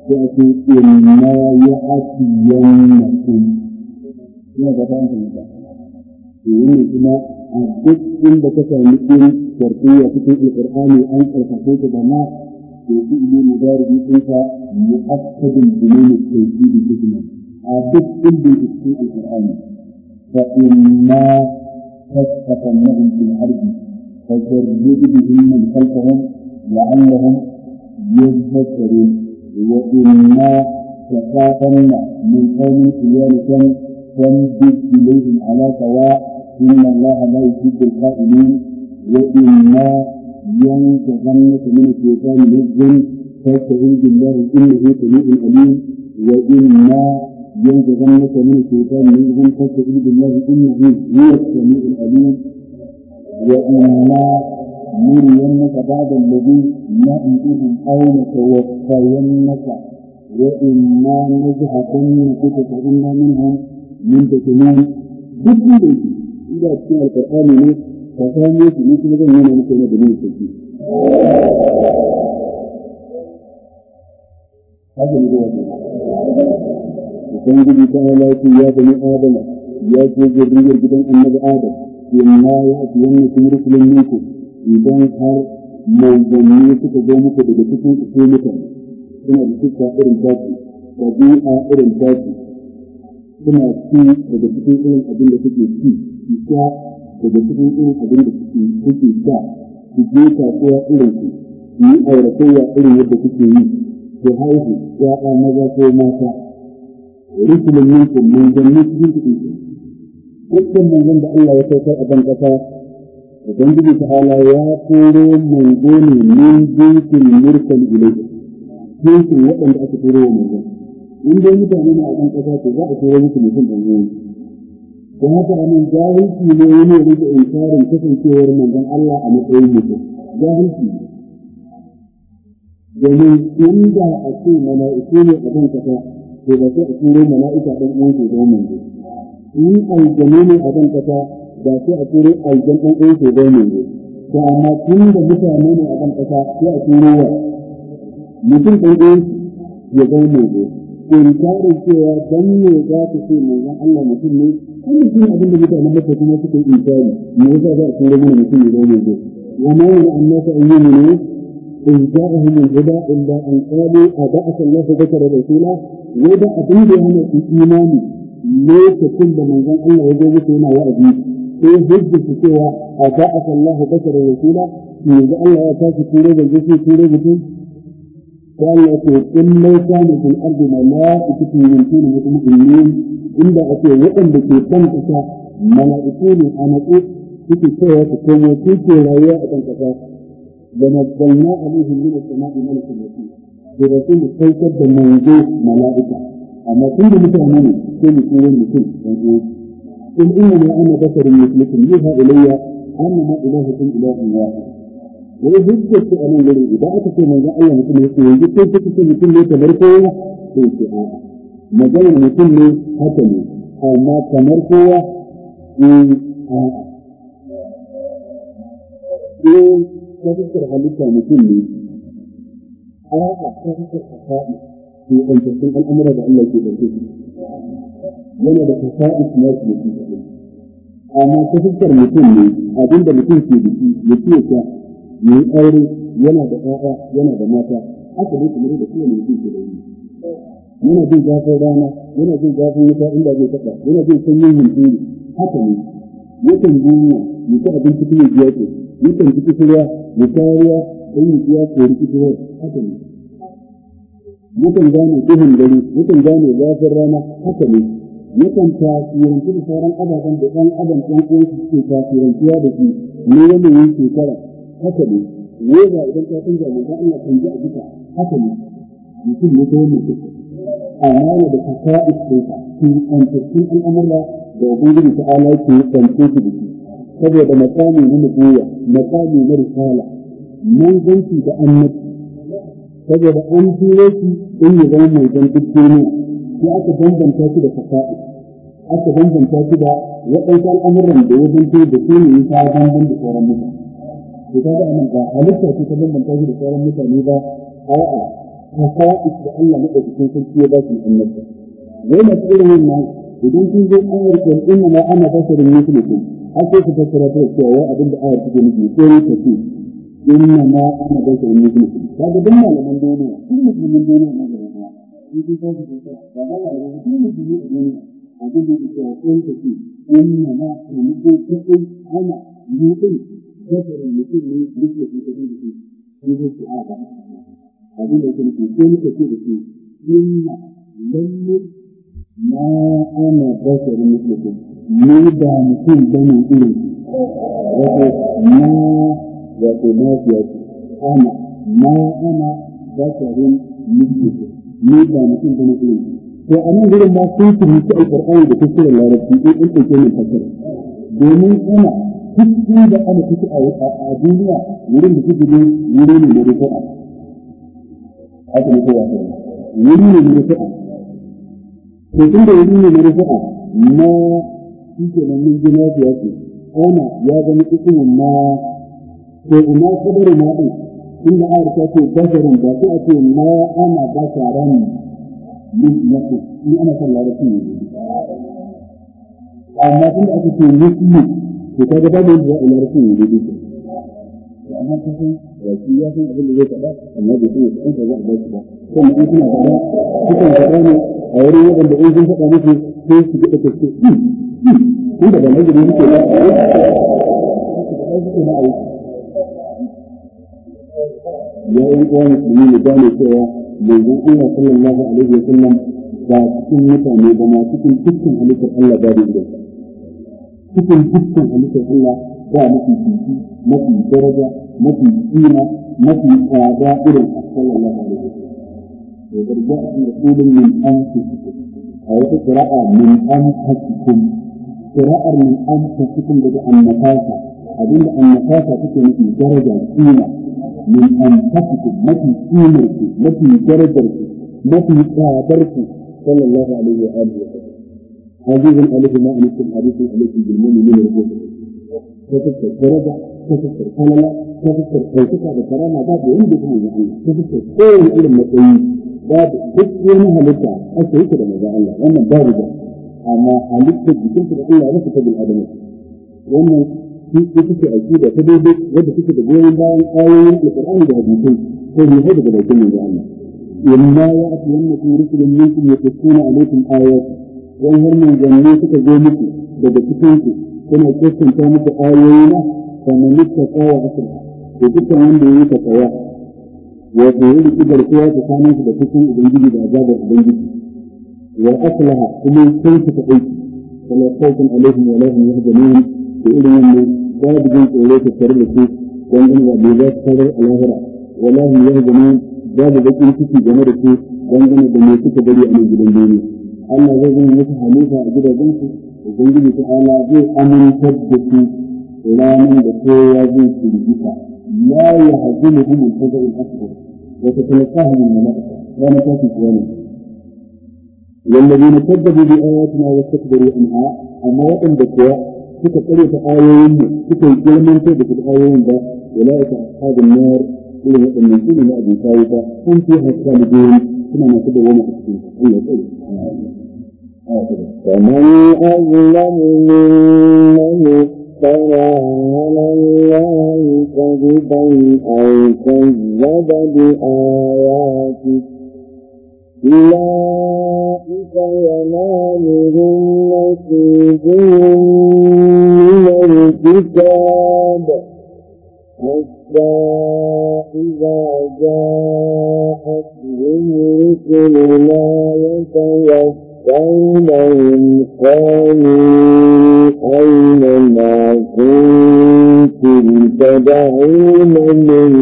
فأتي إما يأتينكم ina da ta hankali ba wannan kuma a duk inda ka sami irin sharfiya cikin alƙur'ani an ƙarfafe ta da ma kofi ne mu gari ne kanka mu akadin dumini kofi da kusuma a duk inda ya ce a ƙar'ani fa inna kakkata mahim fil arzi fa jarrubi bi himmin kalkahum la'allahum yadhakkarun wa inna kakkatanna min qawmin qiyamatan fanzid ilayhim ala sawa inna allaha la yuhibbu al-qa'ilin wa inna يوم تغنت من الشيطان مجد فاستعوذ الله انه سميع عليم واما يوم تغنت من الشيطان مجد فاستعوذ الله انه هو السميع العليم واما نرينك بعد الذي نأتيه او نتوفينك واما نزهقنك فتعنا منهم من تكلم ضد البيت الى اسماء القران ka samu su ne kuma zan nuna muku na dalilin sauki haka ne da wajen ubangiji ta halaki ya bani adama ya ce zurriyar gidan annabi adam in ma ya fi wannan kuma rukunin minku idan har manzanni suka zo muku daga cikin su mutane suna da suka irin tafi ɗabi'a irin tafi suna ci daga cikin irin abin da suke ci su daga cikin irin abin da suke kuke sa su je kasuwa irin su su yi auratayya irin yadda kuke yi su haihu ya'ya maza ko mata rukunin minkum manzanni cikin cikin su dukkan manzan da Allah ya saukar a ban kasa Ubangiji ta ala ya koro manzo ne min jinsin murkan ilai jinsin waɗanda aka koro wa manzo in dai mutane na ɗan ƙasa kasa za a koro musu mutum ɗan uwansu da haka anan jahilci ne wani ya rike inkarin kasancewar manzon Allah a matsayin mutum jahilci ne domin inda a ce mala'iku ne a kan kasa to ba sai a turo mala'ika ɗan ɗan ko don manzo in aljanu ne a kan kasa ba sai a turo aljan ɗan ɗan ko don manzo to amma tun da mutane ne a kan kasa sai a turo wa mutum ɗan ɗan ya zama manzo inkarin cewa dan ne za ka ce manzon Allah mutum ne wannan shi ne abin da mutanen maka kuma suke insani me yasa za a kare mana mutum ya zama zo wa ma yana annasa an yi mene in a ja'ahum al in illa an qalu aba'atha Allahu dhakara rasula wai da abin da yana imani lokacin da manzon Allah ya zo musu yana wa'azi sai hujja su cewa a a ba aba'atha Allahu dhakara rasula yanzu Allah ya tashi turo da jiki turo mutum قال إن لو كان في الأرض ملائكة يمشون مطمئنين إلا أتي وطن بكي تنقص ملائكين حمقوا في سوى تكون وكيك رواية تنقص لنزلنا عليهم من السماء ملك المسيح برسول السيطة بموجود ملائكة أما كل متأمين كل كل مثل موجود قل إنما أنا بشر مثلكم يوحى إلي أنما إلهكم إله واحد wai hujjar su a nan wuri idan aka ce manzon Allah mutum ne ko yanzu sai kuka ce mutum ne kamar kowa sai ce a'a maganar mutum ne haka ne amma kamar kowa eh a'a eh ta fuskar halitta mutum ne a'a ta fuskar hasa'i ke ɗantattun al'amura da Allah ke ɗauke su yana da hasa'i na su mutum amma ta fuskar mutum ne abinda mutum ke da shi ya ce ya aure yana da ƴaƴa yana da mata haka dai kamar da kowane mutum ke da yi yana jin zafin rana yana jin zafin wuta inda zai taɓa yana jin sanyin hunturu haka ne yakan duniya ya ci abinci kuma ya ce yakan ji kusurwa ya kariya don ya ciya ko rikicewa haka ne yakan gane duhun dare yakan gane zafin rana haka ne yakan tasirantu da sauran ababen da ɗan adam ɗan uwansu suke tasirantuwa da shi na yanayin shekara haka ne ne ba idan ka san jami'an ka Allah kan ji a duka haka ne mutum ne kawai mutum amma ne da ka sa istinka kun an tafi al'amura da ubangiji ta ala ke kwanto shi da shi saboda makami na nubuwa makami na risala manzanci da annabi saboda an turo shi in ya zama mai zan duk duniya sai aka bambanta shi da fasa'i aka bambanta shi da waɗansu al'amuran da ya zanto da su ne ya sa bambanta sauran mutane to ka ga anan ba halitta ce ta bambanta shi da sauran mutane ba a'a ta da Allah na ɗaukakin ya ba shi annabta wai masu irin wannan idan kun zo an yarda inna ma ana basarin musulmi har sai ta fassara ta cewa wai abin da ayar take nufi ko ne ta ce inna ma ana basarin musulmi ka ga dan malaman duniya sun musulmin duniya na gaba ɗaya in kun tashi da ta ba za a yi duk musulmi a duniya abin da ke ko ne ta ce inna ma ana ana kafin mutum ne yake kokarin da shi ne abin da ce da shi inna lalle ma ana mutum mutum wato ma wato ma ana ma ana mutum mutum to a nan gurin ma sun alƙur'ani da larabci in ɗauke fasara domin ana duk inda ana fito a duniya wurin da suke dai wurin ne da rufe a haka ne kowa wurin ne da rufe a to tun da wuri ne da rufe a na shi ke nan mun gina ya ce ana ya zama ikumin ma to ina kadarin ma ɗin inda ayar ta ce basarin ba sai a ce ma ana basaran min nasu ni ana son larabci ne amma tun ake aka ce muslim to kaga babu yadda za a larabci ne dai dai to amma ta san baki ya san abin da zai faɗa amma bai san yadda za a ba ba ko mu an faɗa sukan faɗa ne a wurin waɗanda in sun faɗa musu sai su ji ɗauke su inda ba mai gari suke ba a yi suke ba a yi ya yi uwa musulmi ne gane cewa manzon Allah sallallahu alaihi wa sallam ba cikin mutane ba ma cikin dukkan halittar Allah ba da idan cikin dukkan halittar Allah ba mafi fifi mafi daraja mafi kima mafi tsada irin sallallahu alaihi wasallam to garga an rasulun min anfusikum a wata qira'a min anfusikum qira'ar min anfusikum daga annabata abinda annabata take nufi daraja kima min anfusikum mafi kimar ku mafi darajar ku mafi tsadar ku sallallahu alaihi wa sallam. عزيز عليه ما أنتم حديث عليكم بالمؤمنين رؤوفكم تفكر درجة تفكر خلل تفكر كيفك بكرامة باب عندكم يعني تفكر كل إلى المسؤولين باب تسلمها لك أشياء كده ما جاء الله وأنا بارجة أما حالك بكل كده إلا رفت بالآدمين وأنا في كتب أكيدة تبدو وده كتب بيان بيان آيين القرآن ده بيكون هذه هذا ده بيكون من جاء الله وما يأتي أنكم رسل منكم يقصون عليكم آياته in har manzanni suka zo muku daga cikin ku kuna kwatanta muku ayoyi na kana muka tsawa akan to dukkan wanda ya yi takawa wato ya riki garkuwa tsakanin su da cikin ubangiji da azabar ubangiji wa aslaha kuma sai su ta aiki wala khawfun alaihim wala hum yahzanun da irin wannan babu jin tsoro ta tare da su dan in ba za su tarar alahira wala hum yahzanun babu bakin ciki game da su dan da me suka gari a nan gidan duniya Allah zai zama musu halitta a gidajensu ubangiji ta ala zai amintar da su ranar da kowa zai firgita la ya hajjini hum al-fajr al-akbar wa tatalaqahu al-mala'ika rana ta fi kiyama والذين كذبوا بآياتنا واستكبروا عنها أما وإن بكوا suka karyata ayoyin mu suka yi girmantar da kuma ayoyin ba wala ta ashabin nar irin waɗannan su ne na abin kayi ba kun fi hatta da suna masu da wani cikin Allah tsare ومن أظلم ممن افترى على الله كذبا أو كذب بآياته أولئك ينالهم نصيبهم من الكتاب حتى إذا جاءت الرسل لا يتوفونهم قالوا أين ما كنتم تدعون من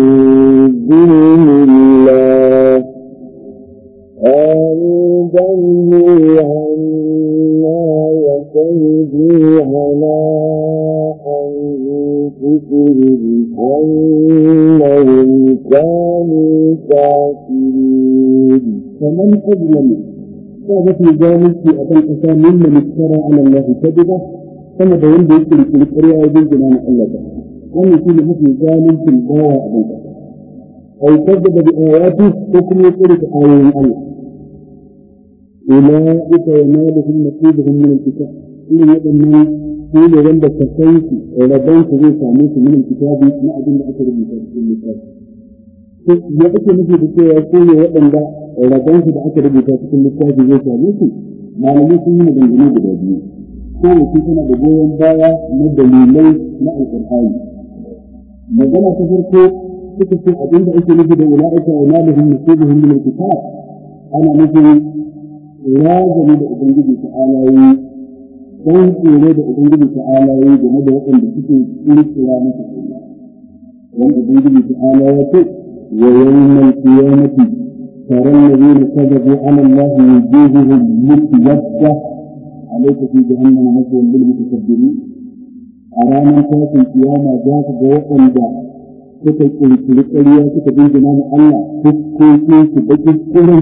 دون الله قالوا ضلوا عنا وكيدوا على أنفسهم أنهم كانوا كافرين فمن أظلم صادت مجاوز في أبن أسا ممن اشترى على الله كذبه فما بين بيت في القرية أيضاً جنان الله أن يكون هكي ظالم في الضوء أبن أسا أو كذب بآياته حكم يقول في آيان الله أولئك ينالهم نصيبهم من الكتاب إلى يدن من كل رمض التخيط ولا بان كذين سعميك من الكتاب ما اظن أكثر من الكتاب يقول لك نجي بكي يقول يا ابن rabon shi da aka rubuta cikin littafi zai same shi malamai sun yi maganganu guda biyu kowace tana da goyon baya na dalilai na alƙur'ani magana ta farko suka ce abin da ake nufi da ula'ika wa malihim nasibuhum min alkitab ana nufin razani da ubangiji ta alayi dan tsoro da ubangiji ta alayi game da waɗanda suke kirkira masa Allah wanda ubangiji ta alayi ya ce wa yawmal qiyamati ترى الذين كذبوا على الله وجوههم متجدة عليك في جهنم مثوى للمتكبرين أرى من فات القيامة ذات بوقع ذات كتبتم في القرية كتبتم جنان الله كتبتم في بيت الكلم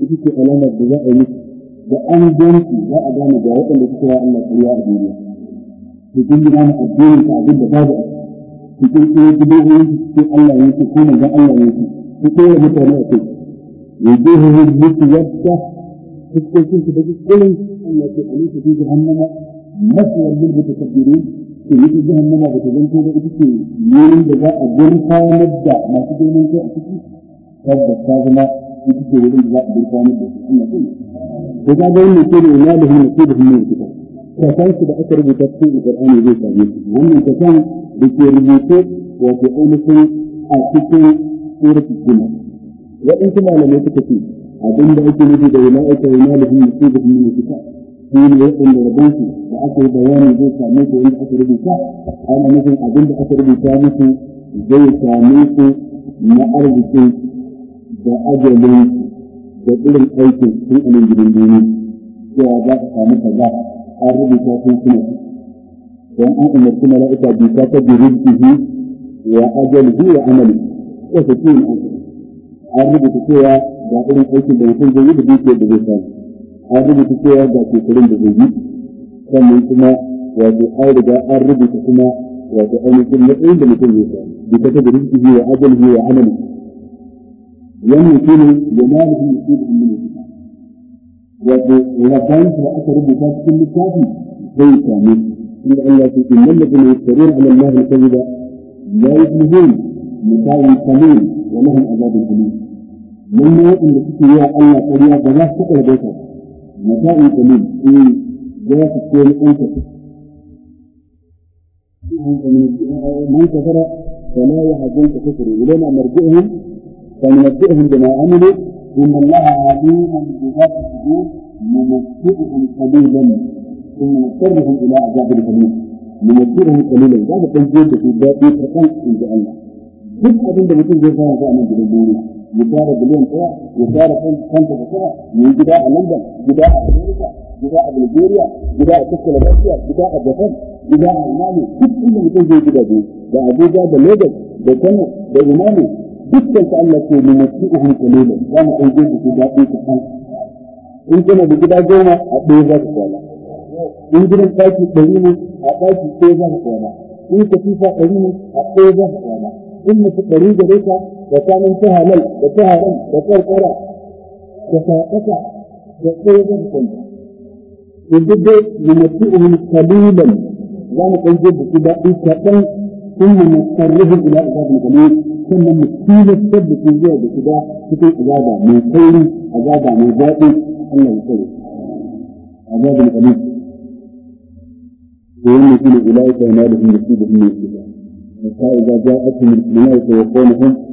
كتبت علامة بغاء مصر وأنا جنت لا أدام جاوكا لتكرى الله في الله أبيني كتبتم جنان الدين تعذب بابا كتبتم جنان الدين تعذب بابا كتبتم جنان الدين تعذب بابا كتبتم جنان الدين تعذب بابا وجهه التي حتى كنت بجد كلهم أن تحليك في جهنم مثوى تكبرين في مثل جهنم بتبنتوا بأتكي يوم بجاء برقى مبدع ما تدري من تأتكي رب التاغمة يتكي يوم بجاء برقى مبدع أما كله فإذا دائما يقول من الكتاب فكانت بأثر بتفسير القرآن يجيب تعليم وأن الكتاب بكي وفي أولكم سورة الجنة waɗansu malamai suka ce abin da ake nufi da wula aka yi malibin musibar min mutuka shi ne waɗanda rabon su da aka yi bayani zai same su wanda aka rubuta ana nufin abin da aka rubuta musu zai same su na arzikin da ajalin da irin aikin sun anan gidan duniya cewa za a samu kaza an rubuta sun suna don an umarci mala'ika bi ta ta bi rizqihi wa ajalihi wa amali wa fakihin an an rubuta cewa ga irin aikin da mutum zai yi da dukiyar da zai samu an rubuta cewa ga shekarun da zai yi sannan kuma wato an riga an rubuta kuma wato ainihin matsayin da mutum zai samu bi ta tabi rizkihi wa ajalihi wa amali wannan shi ne yamanihim yusibihim min al-kitab wato rabban da aka rubuta cikin littafi zai same shi Allah ya ce innal ladina yaftaruna ala Allah al-kadhiba la yuflihun متاع قليل ولهم عذاب أليم lalle waɗanda suke yi wa Allah ƙarya ba za su taɓa rabota ba mata'in kalil eh من كفر فلا يحزنك كفر إلينا مرجعهم فننبئهم بما عملوا إن الله عليم بذات الصدور نمتعهم قليلا ثم نضطرهم إلى عذاب الغليل نمتعهم قليلا هذا تنزيل في ذاته فقط عند الله كل abin da mutum zai fara ya tara biliyan ɗaya ya tara kanta da kuma ya yi gida a london gida a america gida a bulgaria gida a czechoslovakia gida a japan gida a mali duk inda zai gidaje da abuja da lagos da kano da imani dukkan ta Allah ke numattu uhun kalilan za mu ɗan jirgin su daɗi su kan in gida goma a kwana ɗari a kwana a kwana ɗari gare وكان انتهى لي وكهر وكان قطع وكان يجد يمتئهم قليلا ذلك يجد كده إيكا ثم نضطرهم إلى عذاب غليظ ثم نكيل السبب في جهد كده تكون عذاب من خير عذاب من ذاتي الله يسوي عذاب غليظ ويوم يكون أولئك ينالهم نصيبهم من الكتاب حتى إذا جاءتهم الملائكة وقومهم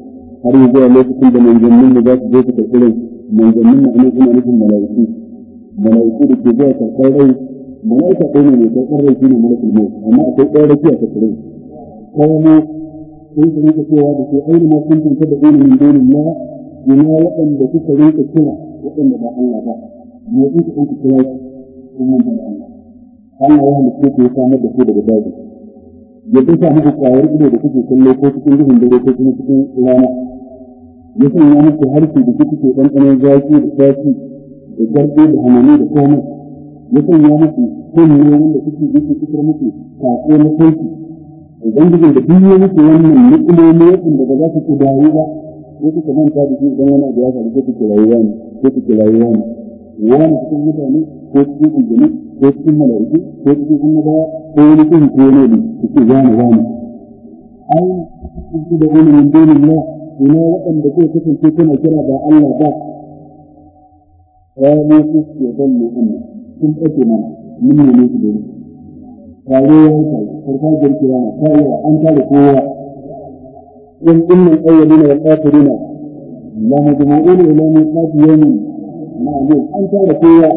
har yi zuwa lokacin da manzannin da za su zo su karɓi rai manzannin na ana suna nufin mala'iku mala'iku da ke zuwa karɓar rai mala'ika ɗaya ne mai karɓar rai shi ne malakul mai amma akwai ɗaya rake a karɓar rai kawo sun su rinka cewa da ke aina ma sun tunta da ɗaya min donin na ina waɗanda suka rinka kira waɗanda ba Allah ba mai su ɗan ku kira su sun manta da Allah Allah ya halitta ku samar da su daga daji ya dasa muku kwayar ido da kuke kallo ko cikin duhun dare ko kuma cikin rana ya sanya muku harshe da kuke ke ɗanɗanon zaki da zaki da garɗe da hamami da komai ya sanya muku kunne wanda kuke yake fitar muku saƙo na sauki ubangijin da duk ya muku wannan ni'imomi waɗanda ba za ku ku dawo ba ko kuka manta da shi idan yana da ya faru ko kuke rayuwa ne ko kuke rayuwa ne wani cikin mutane ko cikin injini ko cikin mala'iku ko cikin ba ko wani kan ko wani ne suke gane gane ai su da wani min dole ne ina waɗanda ke kasance kuna kira ba Allah ba Ya ramu su ke zallo annan sun ɓace mana mun ne ne su da ni tare ya yi tare farfajiyar kirana ta yi an tare kowa yan ɗinnan ayyadina wal ɗafirina la majma'una ila miqati yawmin ma'lum an tare kowa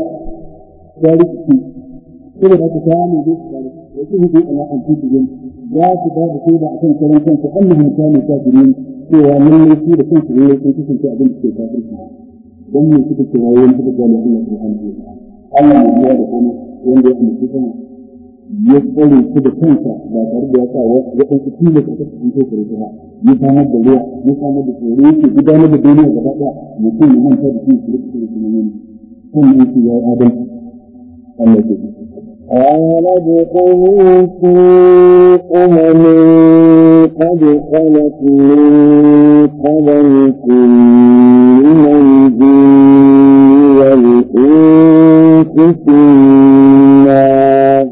ya rikici saboda haka ta mai da su kana wa su hudu ala an tudin za su ba da sai da akan karan kansu annahum kanu kafirin cewa mun ne su da kansu ne sun kasance abin da suke kafirci ne suka ce suka Allah ne da kuma wanda ya ya tsare su da kansa ba tare da ya sa waɗansu tilo da suka kare ba ya samar da ruwa ya samar da tsoro gudanar da duniya gaba ɗaya mutum ya manta da shi su da ya yi adalci قال عالجته في أمم قد خلت من قبلكم من الجن والإنس في النار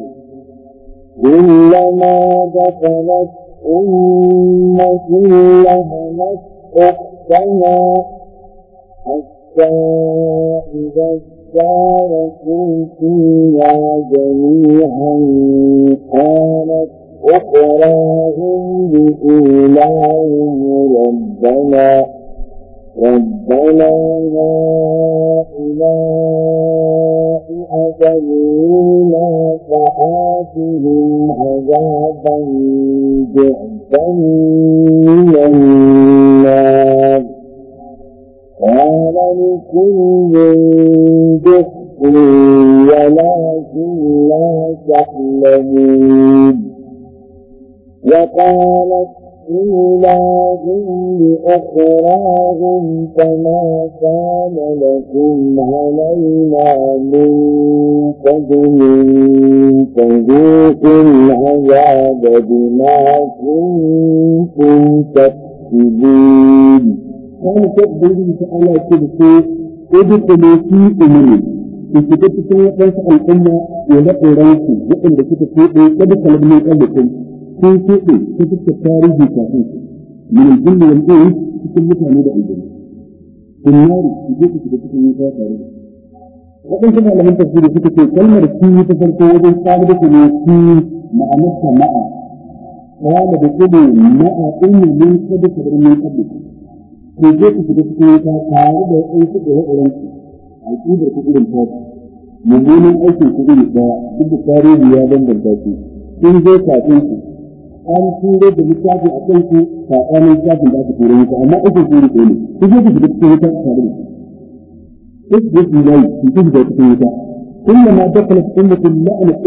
كلما دخلت أمة لهمت أختها حتى إذا فاداركم فيها جميعا قالت أقراهم بأولاهم ربنا ربنا إله أجلنا فآتهم عذابا جعبا من النار قال لكل ولكن لا تعلمون وقالت أولاهم لأخراهم فما كان لكم علينا من فضل فذوقوا العذاب بما كنتم تكسبون. كان تبدو أن تعالى تبكي ادخلوا في أمري shiga cikin waɗansu al'umma ƙore-ƙoren su waɗanda suka keɓe kada kalmomin ƙarfafin sun keɓe ta suka tarihi kafin su min aljin da yanzu cikin mutane da aljanna sun yari su je su shiga cikin wuta tare da waɗansu malaman tafsiri suka ce kalmar kiyi ta farko wajen tsari da kuma kiyi ma'anar sama'a tsara da kuma ma'a ɗinmu min kada kalmomin ƙarfafin su je su shiga cikin wuta tare da waɗansu ƙore-ƙoren aqidar ku ta mummunan aikin ku iri duk da tarihi ya bambanta ku sun zo kafin ku an turo da littafin a kan ku saɓanin littafin da aka turo muku amma aikin ku iri ne ku zo ku shiga cikin wuta tare da ku ku zo ku yi ku shiga cikin wuta كلما دخلت أمة لعنت lokacin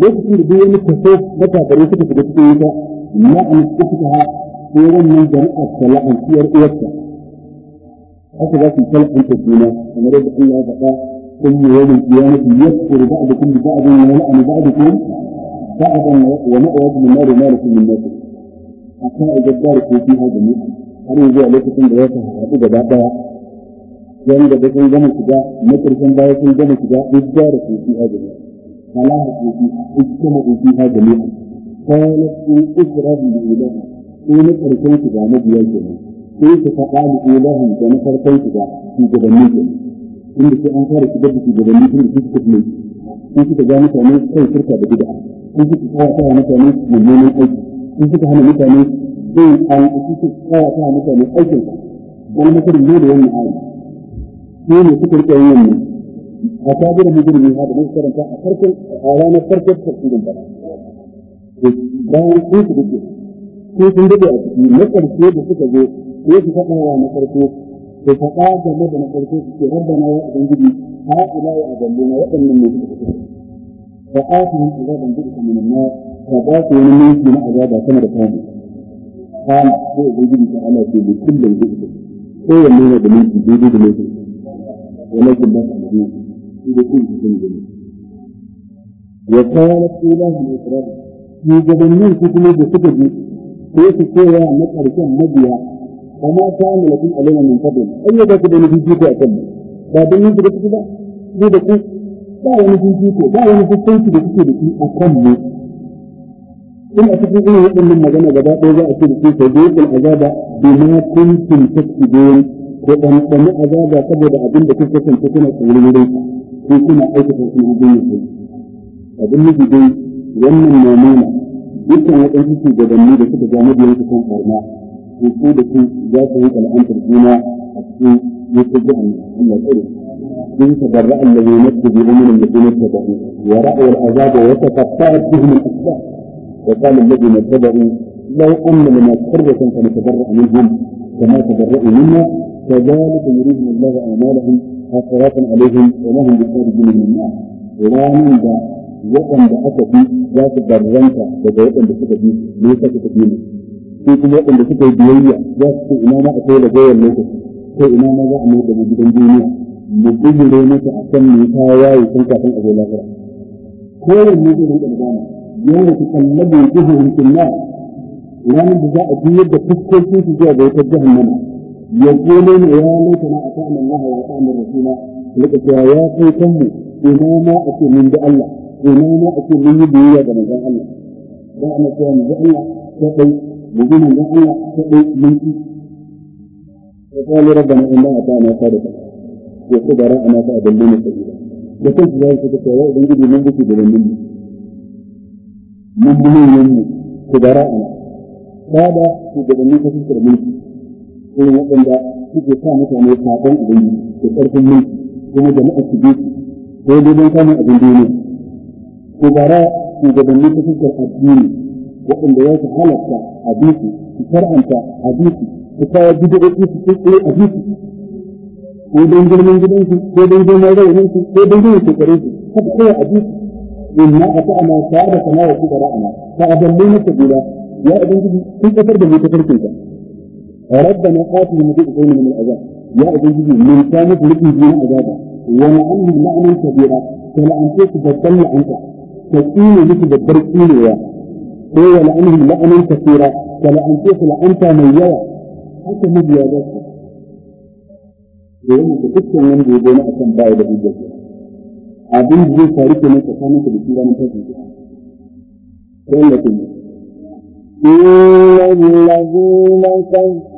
da duk wani kaso na kafare suka shiga cikin wuta la'anat ukhtaha sai wannan jama'a ta la'antiyar uwarta حتى ذاك الفلح انت فينا ونريد الله بقى كل يوم القيامة يذكر بعضكم ببعض ويلعن بعضكم بعضا وما من النار مالك من الناس حتى جبار في هذا جميعا أنا يجي عليكم بواسطة حقيقة بعدها يعني إذا بكم جمع كذا متر كم بايكم جمع كذا إجبار في هذا جميعا صلاح في فيها إجتمع فيها جميعا قالت إن أجرى بالإله إن متر كم كذا مبيا جميعا sai ka faɗa da ilahin da na farkon su ba su gabanni ke inda sai an fara shigar da su gabanni sun da suka fi sun suka ja mutane kai furta da bid'a sun suka kawata wa mutane mummunan aiki sun suka hana mutane sun an sun suka kawata wa mutane aikin ka wani makarin ne da wannan ayi su ne suka rike wannan a tabirin mujrimin hada mun karanta a farkon a ranar farkon tafsirin ba bayan sun su dake sun sun dade a ciki na ƙarshe da suka zo ya fi faɗa wa na farko ko faɗa game da na farko su ce rabbana ya ubangiji ha ila ya azalluna waɗannan ne suka fito fa atihim azaban bi'sa min an-nar fa ba su wani mulki na azaba sama da kawai kana ko ubangiji ta ala ce bi kullum bi'sa ko wanne ne da mulki daidai da mulki walakin ba ta alamu shi da kun sun gani wa qalat ilahu al-iqrar ni gaban nan kuma da suka ji ko su ce wa na ƙarshen mabiya وما كان لكم علينا من قبل أي ذات بني بيجيك أكبر بعد أن يجب كده جيدة كده لا في بيجيك لا يعني في لا يعني بيجيك لا يعني بيجيك إن أتفقوا إن مجمع جباء إذا أتفقوا فجيب العذاب بما كنتم تكتبون وأن تم عذاب قبل أدن بكثة تكون أقولي لك في كما أيضا في الدنيا هذا النبي جيد يمن مامونا بكثة أن تكون جبني بكثة جامد يمكثون فرماه وكو دكو ذات هيك الآن ترجمة أكسي يتبع الله تعالى إن تبرأ الذين اتبعوا من الذين اتبعوا ورأوا العذاب وتقطعت بهم الأسباب وقال الذين اتبعوا لو أن لنا قرة فنتبرأ منهم كما تبرأوا منا كذلك يريهم الله أعمالهم حسرات عليهم ولهم هم بخارجين من النار ranar ذا waɗanda aka fi za su barranta daga waɗanda sai kuma waɗanda suka yi biyayya za su ce ina ma da ragowar lokaci ko ina ma za a mai da gidan duniya mu bijire masa a kan mai ta yayi tun kafin a zo lafiya ko wanne zai rinka magana yawma tukallabu wujuhuhum fil nar ranar da za a biyar da fuskokin su zuwa ga wata jahannama يقولون يا ليتنا أطعنا الله وأطعنا الرسول لقد يا قوتهم إنا ما أتي من دع الله إنا ما أتي من دعية من دع الله دعنا كان Allah ta كفي yanzu manzon Allah kaɗai yanki ya kwalo rabbana in ba a ta na sada ta ya ci gara ana ta adalli na sabida da kansu za su ta kawo idan gudu mun gudu da randun mu mun bi mun yanmu ku gara ana sada ku da randun ka fuskar mulki irin waɗanda suke sa mutane saƙon ubangiji da ƙarfin mulki kuma jama'a su shugabanni ta fuskar وان ديات حلقة حديثي تشرع انت حديثي تشرع بدعوتي في كل حديثي ودين جل من جل انت ودين جل مالا ونمت ودين جل تكريت قد خير حديثي إن ما أتى ما شاعد فما وفيد رأنا فأبلينا تقول يا ابن جل كنت أفرد من تكريتك ربنا قاتل مجيء قوم من الأذاب يا ابن جل من كانت لكم دين أذابا ومعنه معنى كبيرا فلا أنت تبدل عنك تكون لك تبدل إليه هو لأنهم لأنا كثيرا فلأن تخل أنت ميّا حتى مبيا ذاتك لأنه تكتب من جيبون أسان بايدة بجيبون أبين جيب فارك من تسامة بكيرا من تسامة كل إلا الذين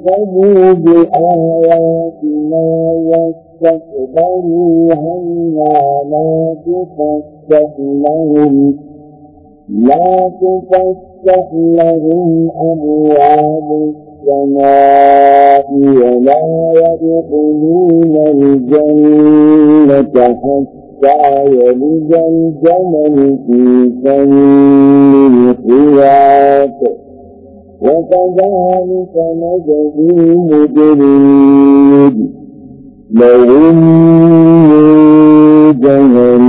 كذبوا بآياتنا واستكبروا عنا لا تفتح لهم لا تفتح لهم أبواب السماء ولا يدخلون الجنة حتى يلج الجمل في فم الخياط وكذلك نجزي المجرمين لهم من جهنم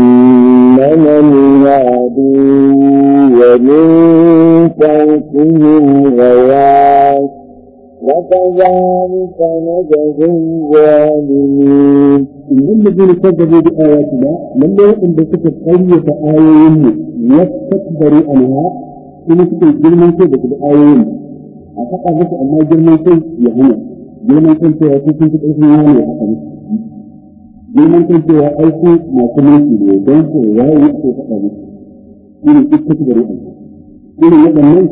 مهاد ومن فوقهم غواش وكذلك نجزي الظالمين إن الذين كذبوا بآياتنا من لم يكن بسكت أي آيين واستكبروا عنها إن كنت جرمان كذبت بآيين أفقى بس أما جرمان كذب يهنا girman kan cewa su sun fi ƙarfin wani a kan girman kan cewa aiki masu mulki ne don ko ya yi ko faɗa musu irin iska ta gari aiki irin waɗannan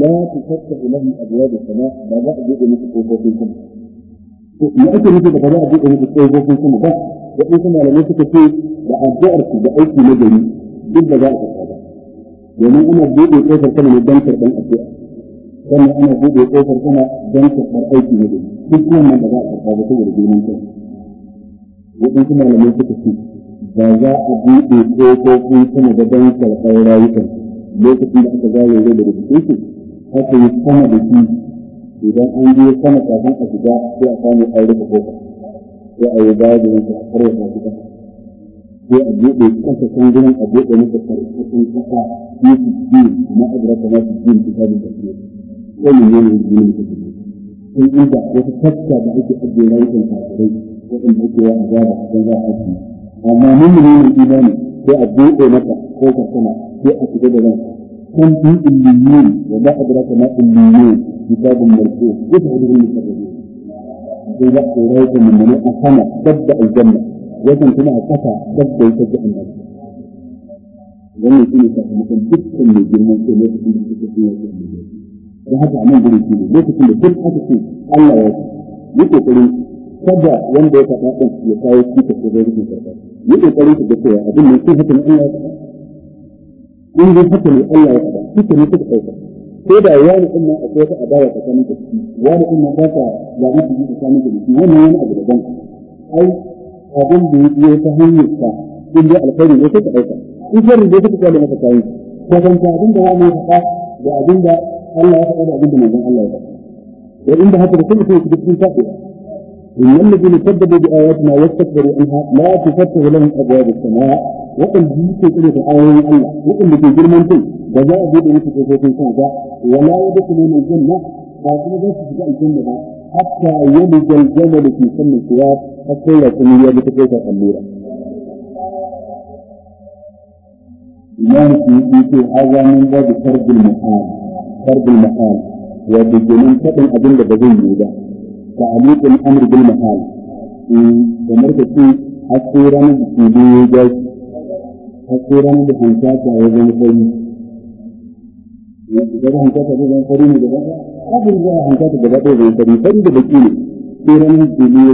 la ta fatta ilahi abuwa da sama ba za a buɗe musu ƙofofin sama to me ake nufi da ba za a buɗe musu ƙofofin sama ba waɗansu malamai suka ce da addu'ar su da aiki na gari duk da za a karɓa ba domin ana buɗe ƙofar sama ne don karɓan addu'a sannan ana buɗe ƙofar kuma don karɓar aiki ne duk kuma da za a karɓa ba saboda girman kai waɗansu malamai suka ce ba za a buɗe ƙofofin sama da don karɓar rayukan lokacin da aka zawo rai daga cikin su haka yi sama da shi idan an je sama kafin a shiga sai a samu aure rufe kofa sai a yi baya da yanka a karwa ta shiga sai a buɗe kasa can gurin a buɗe masa karkashin kasa ne su na azurata ومن يوم من كتبه إن أنت وتتبكى بعد أبي ريت الفاسقين وإن أتي وأجاب فلا أتي أما من يوم الإيمان وأبوء مكة فوق السماء وأتجد لك كم في الليين وما أدرك ما الليين كتاب مرفوع يدعو به المكذبين إذا أتيت من ملء السماء تبدأ الجنة وزن كما أتكى تبدأ تبدأ النار wannan shi ne sakamakon dukkan mai girman kai lokacin da suka fi wasu da haka a nan gurin shi ne lokacin da duk aka ce Allah ya ce yi kokari kada wanda ya faɗa ya kawo cuta ko zai rufe karɓa yi kokari ka ga cewa abin ne ko haka ne Allah ya faɗa in dai haka ne Allah ya faɗa cuta ne suka ɗauka ko da wani ɗin nan akwai wata adawa tsakanin ka wani ɗin nan ba ka zaɓi su yi tsakanin ka ciki wannan wani abu daban ai abin da ya biyo ta hanyar ka in dai alkhairi ne suka ɗauka in sharri ne suka kawo maka kayan ka abin da wani ya faɗa da abin da الله ya faɗa abin da manzon Allah ya faɗa في inda haka da إن الذين كذبوا بآياتنا واستكبروا عنها لا تفتح لهم أبواب السماء وقل جيت إلى آية الله وقل لكي جرمان تي جزاء بيد إليك في سنة ولا يدخلون الجنة فاتنا ذات جزاء الجنة حتى يلج الجمل في سن الخياط حتى يكون يلج كيف خميرا إمام في هذا من باب فرد المحال فرض المحال وبجنون كتن أبن بزين يوجد تعليق الأمر بالمحال kamar da ce a tsira na da ke biyu ya a tsira na da hankata ya zama fari idan hankata zai zama fari ne gaba ɗaya abin da hankata gaba ɗaya zama fari da baki ne tsira na da ke zai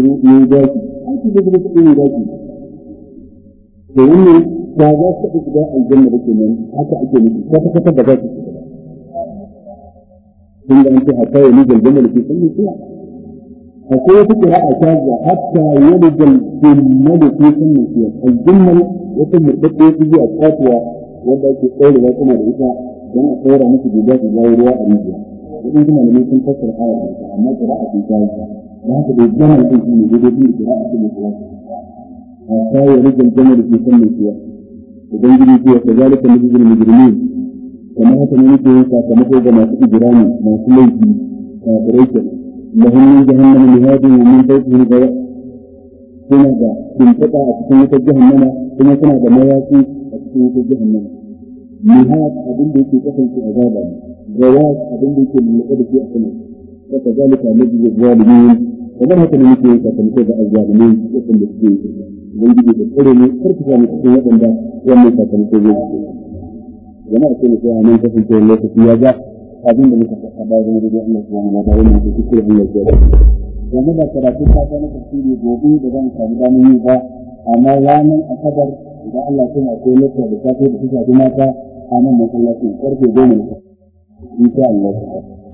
wannan ba za su aljanna ake ثم أنت حتى يلد الجمل في كل السوى أقول فكرة أشاذة حتى يلد الجمل في كل السوى الجمل يتم التقوى في أساسها في الأول لا تمر جمع صورة مثل أنك الله ورواء أريدها وإن كما لم يكن فسر حالة أما قراءة جاورها وهكذا الجمل في كل الجدد في قراءة الإخلاص حتى يلد الجمل في فم السوى وبنجري فيها كذلك المجرمين kamar haka ne muke yin sakamako ga masu ijirani masu laifi kafirai ke lahum ne jahannama ne wa min ne gaba suna da tuntuɓa a cikin wutar jahannama kuma suna da mayafi a cikin wutar jahannama mihad abin da yake kasance a azaba ne ghawaq abin da yake lulluɓe da ke a sama وكذلك نجزي الظالمين kamar haka ne muke sakamako ga azzalimai waɗanda suke yi ubangiji da tsare ne karfafa mu cikin waɗanda wannan sakamako zai jama'a ce mutum ya nan kasance lokaci ya ga abin da muka faɗa da wani da Allah ya mana da wani da kuke Allah ya ga game da karatu ta ga na tafsiri gobe da zan samu damar yi ba amma ranar asabar da Allah ya kuma akwai lokacin da ta da kuka mata a nan masallacin karfe goma insha Allah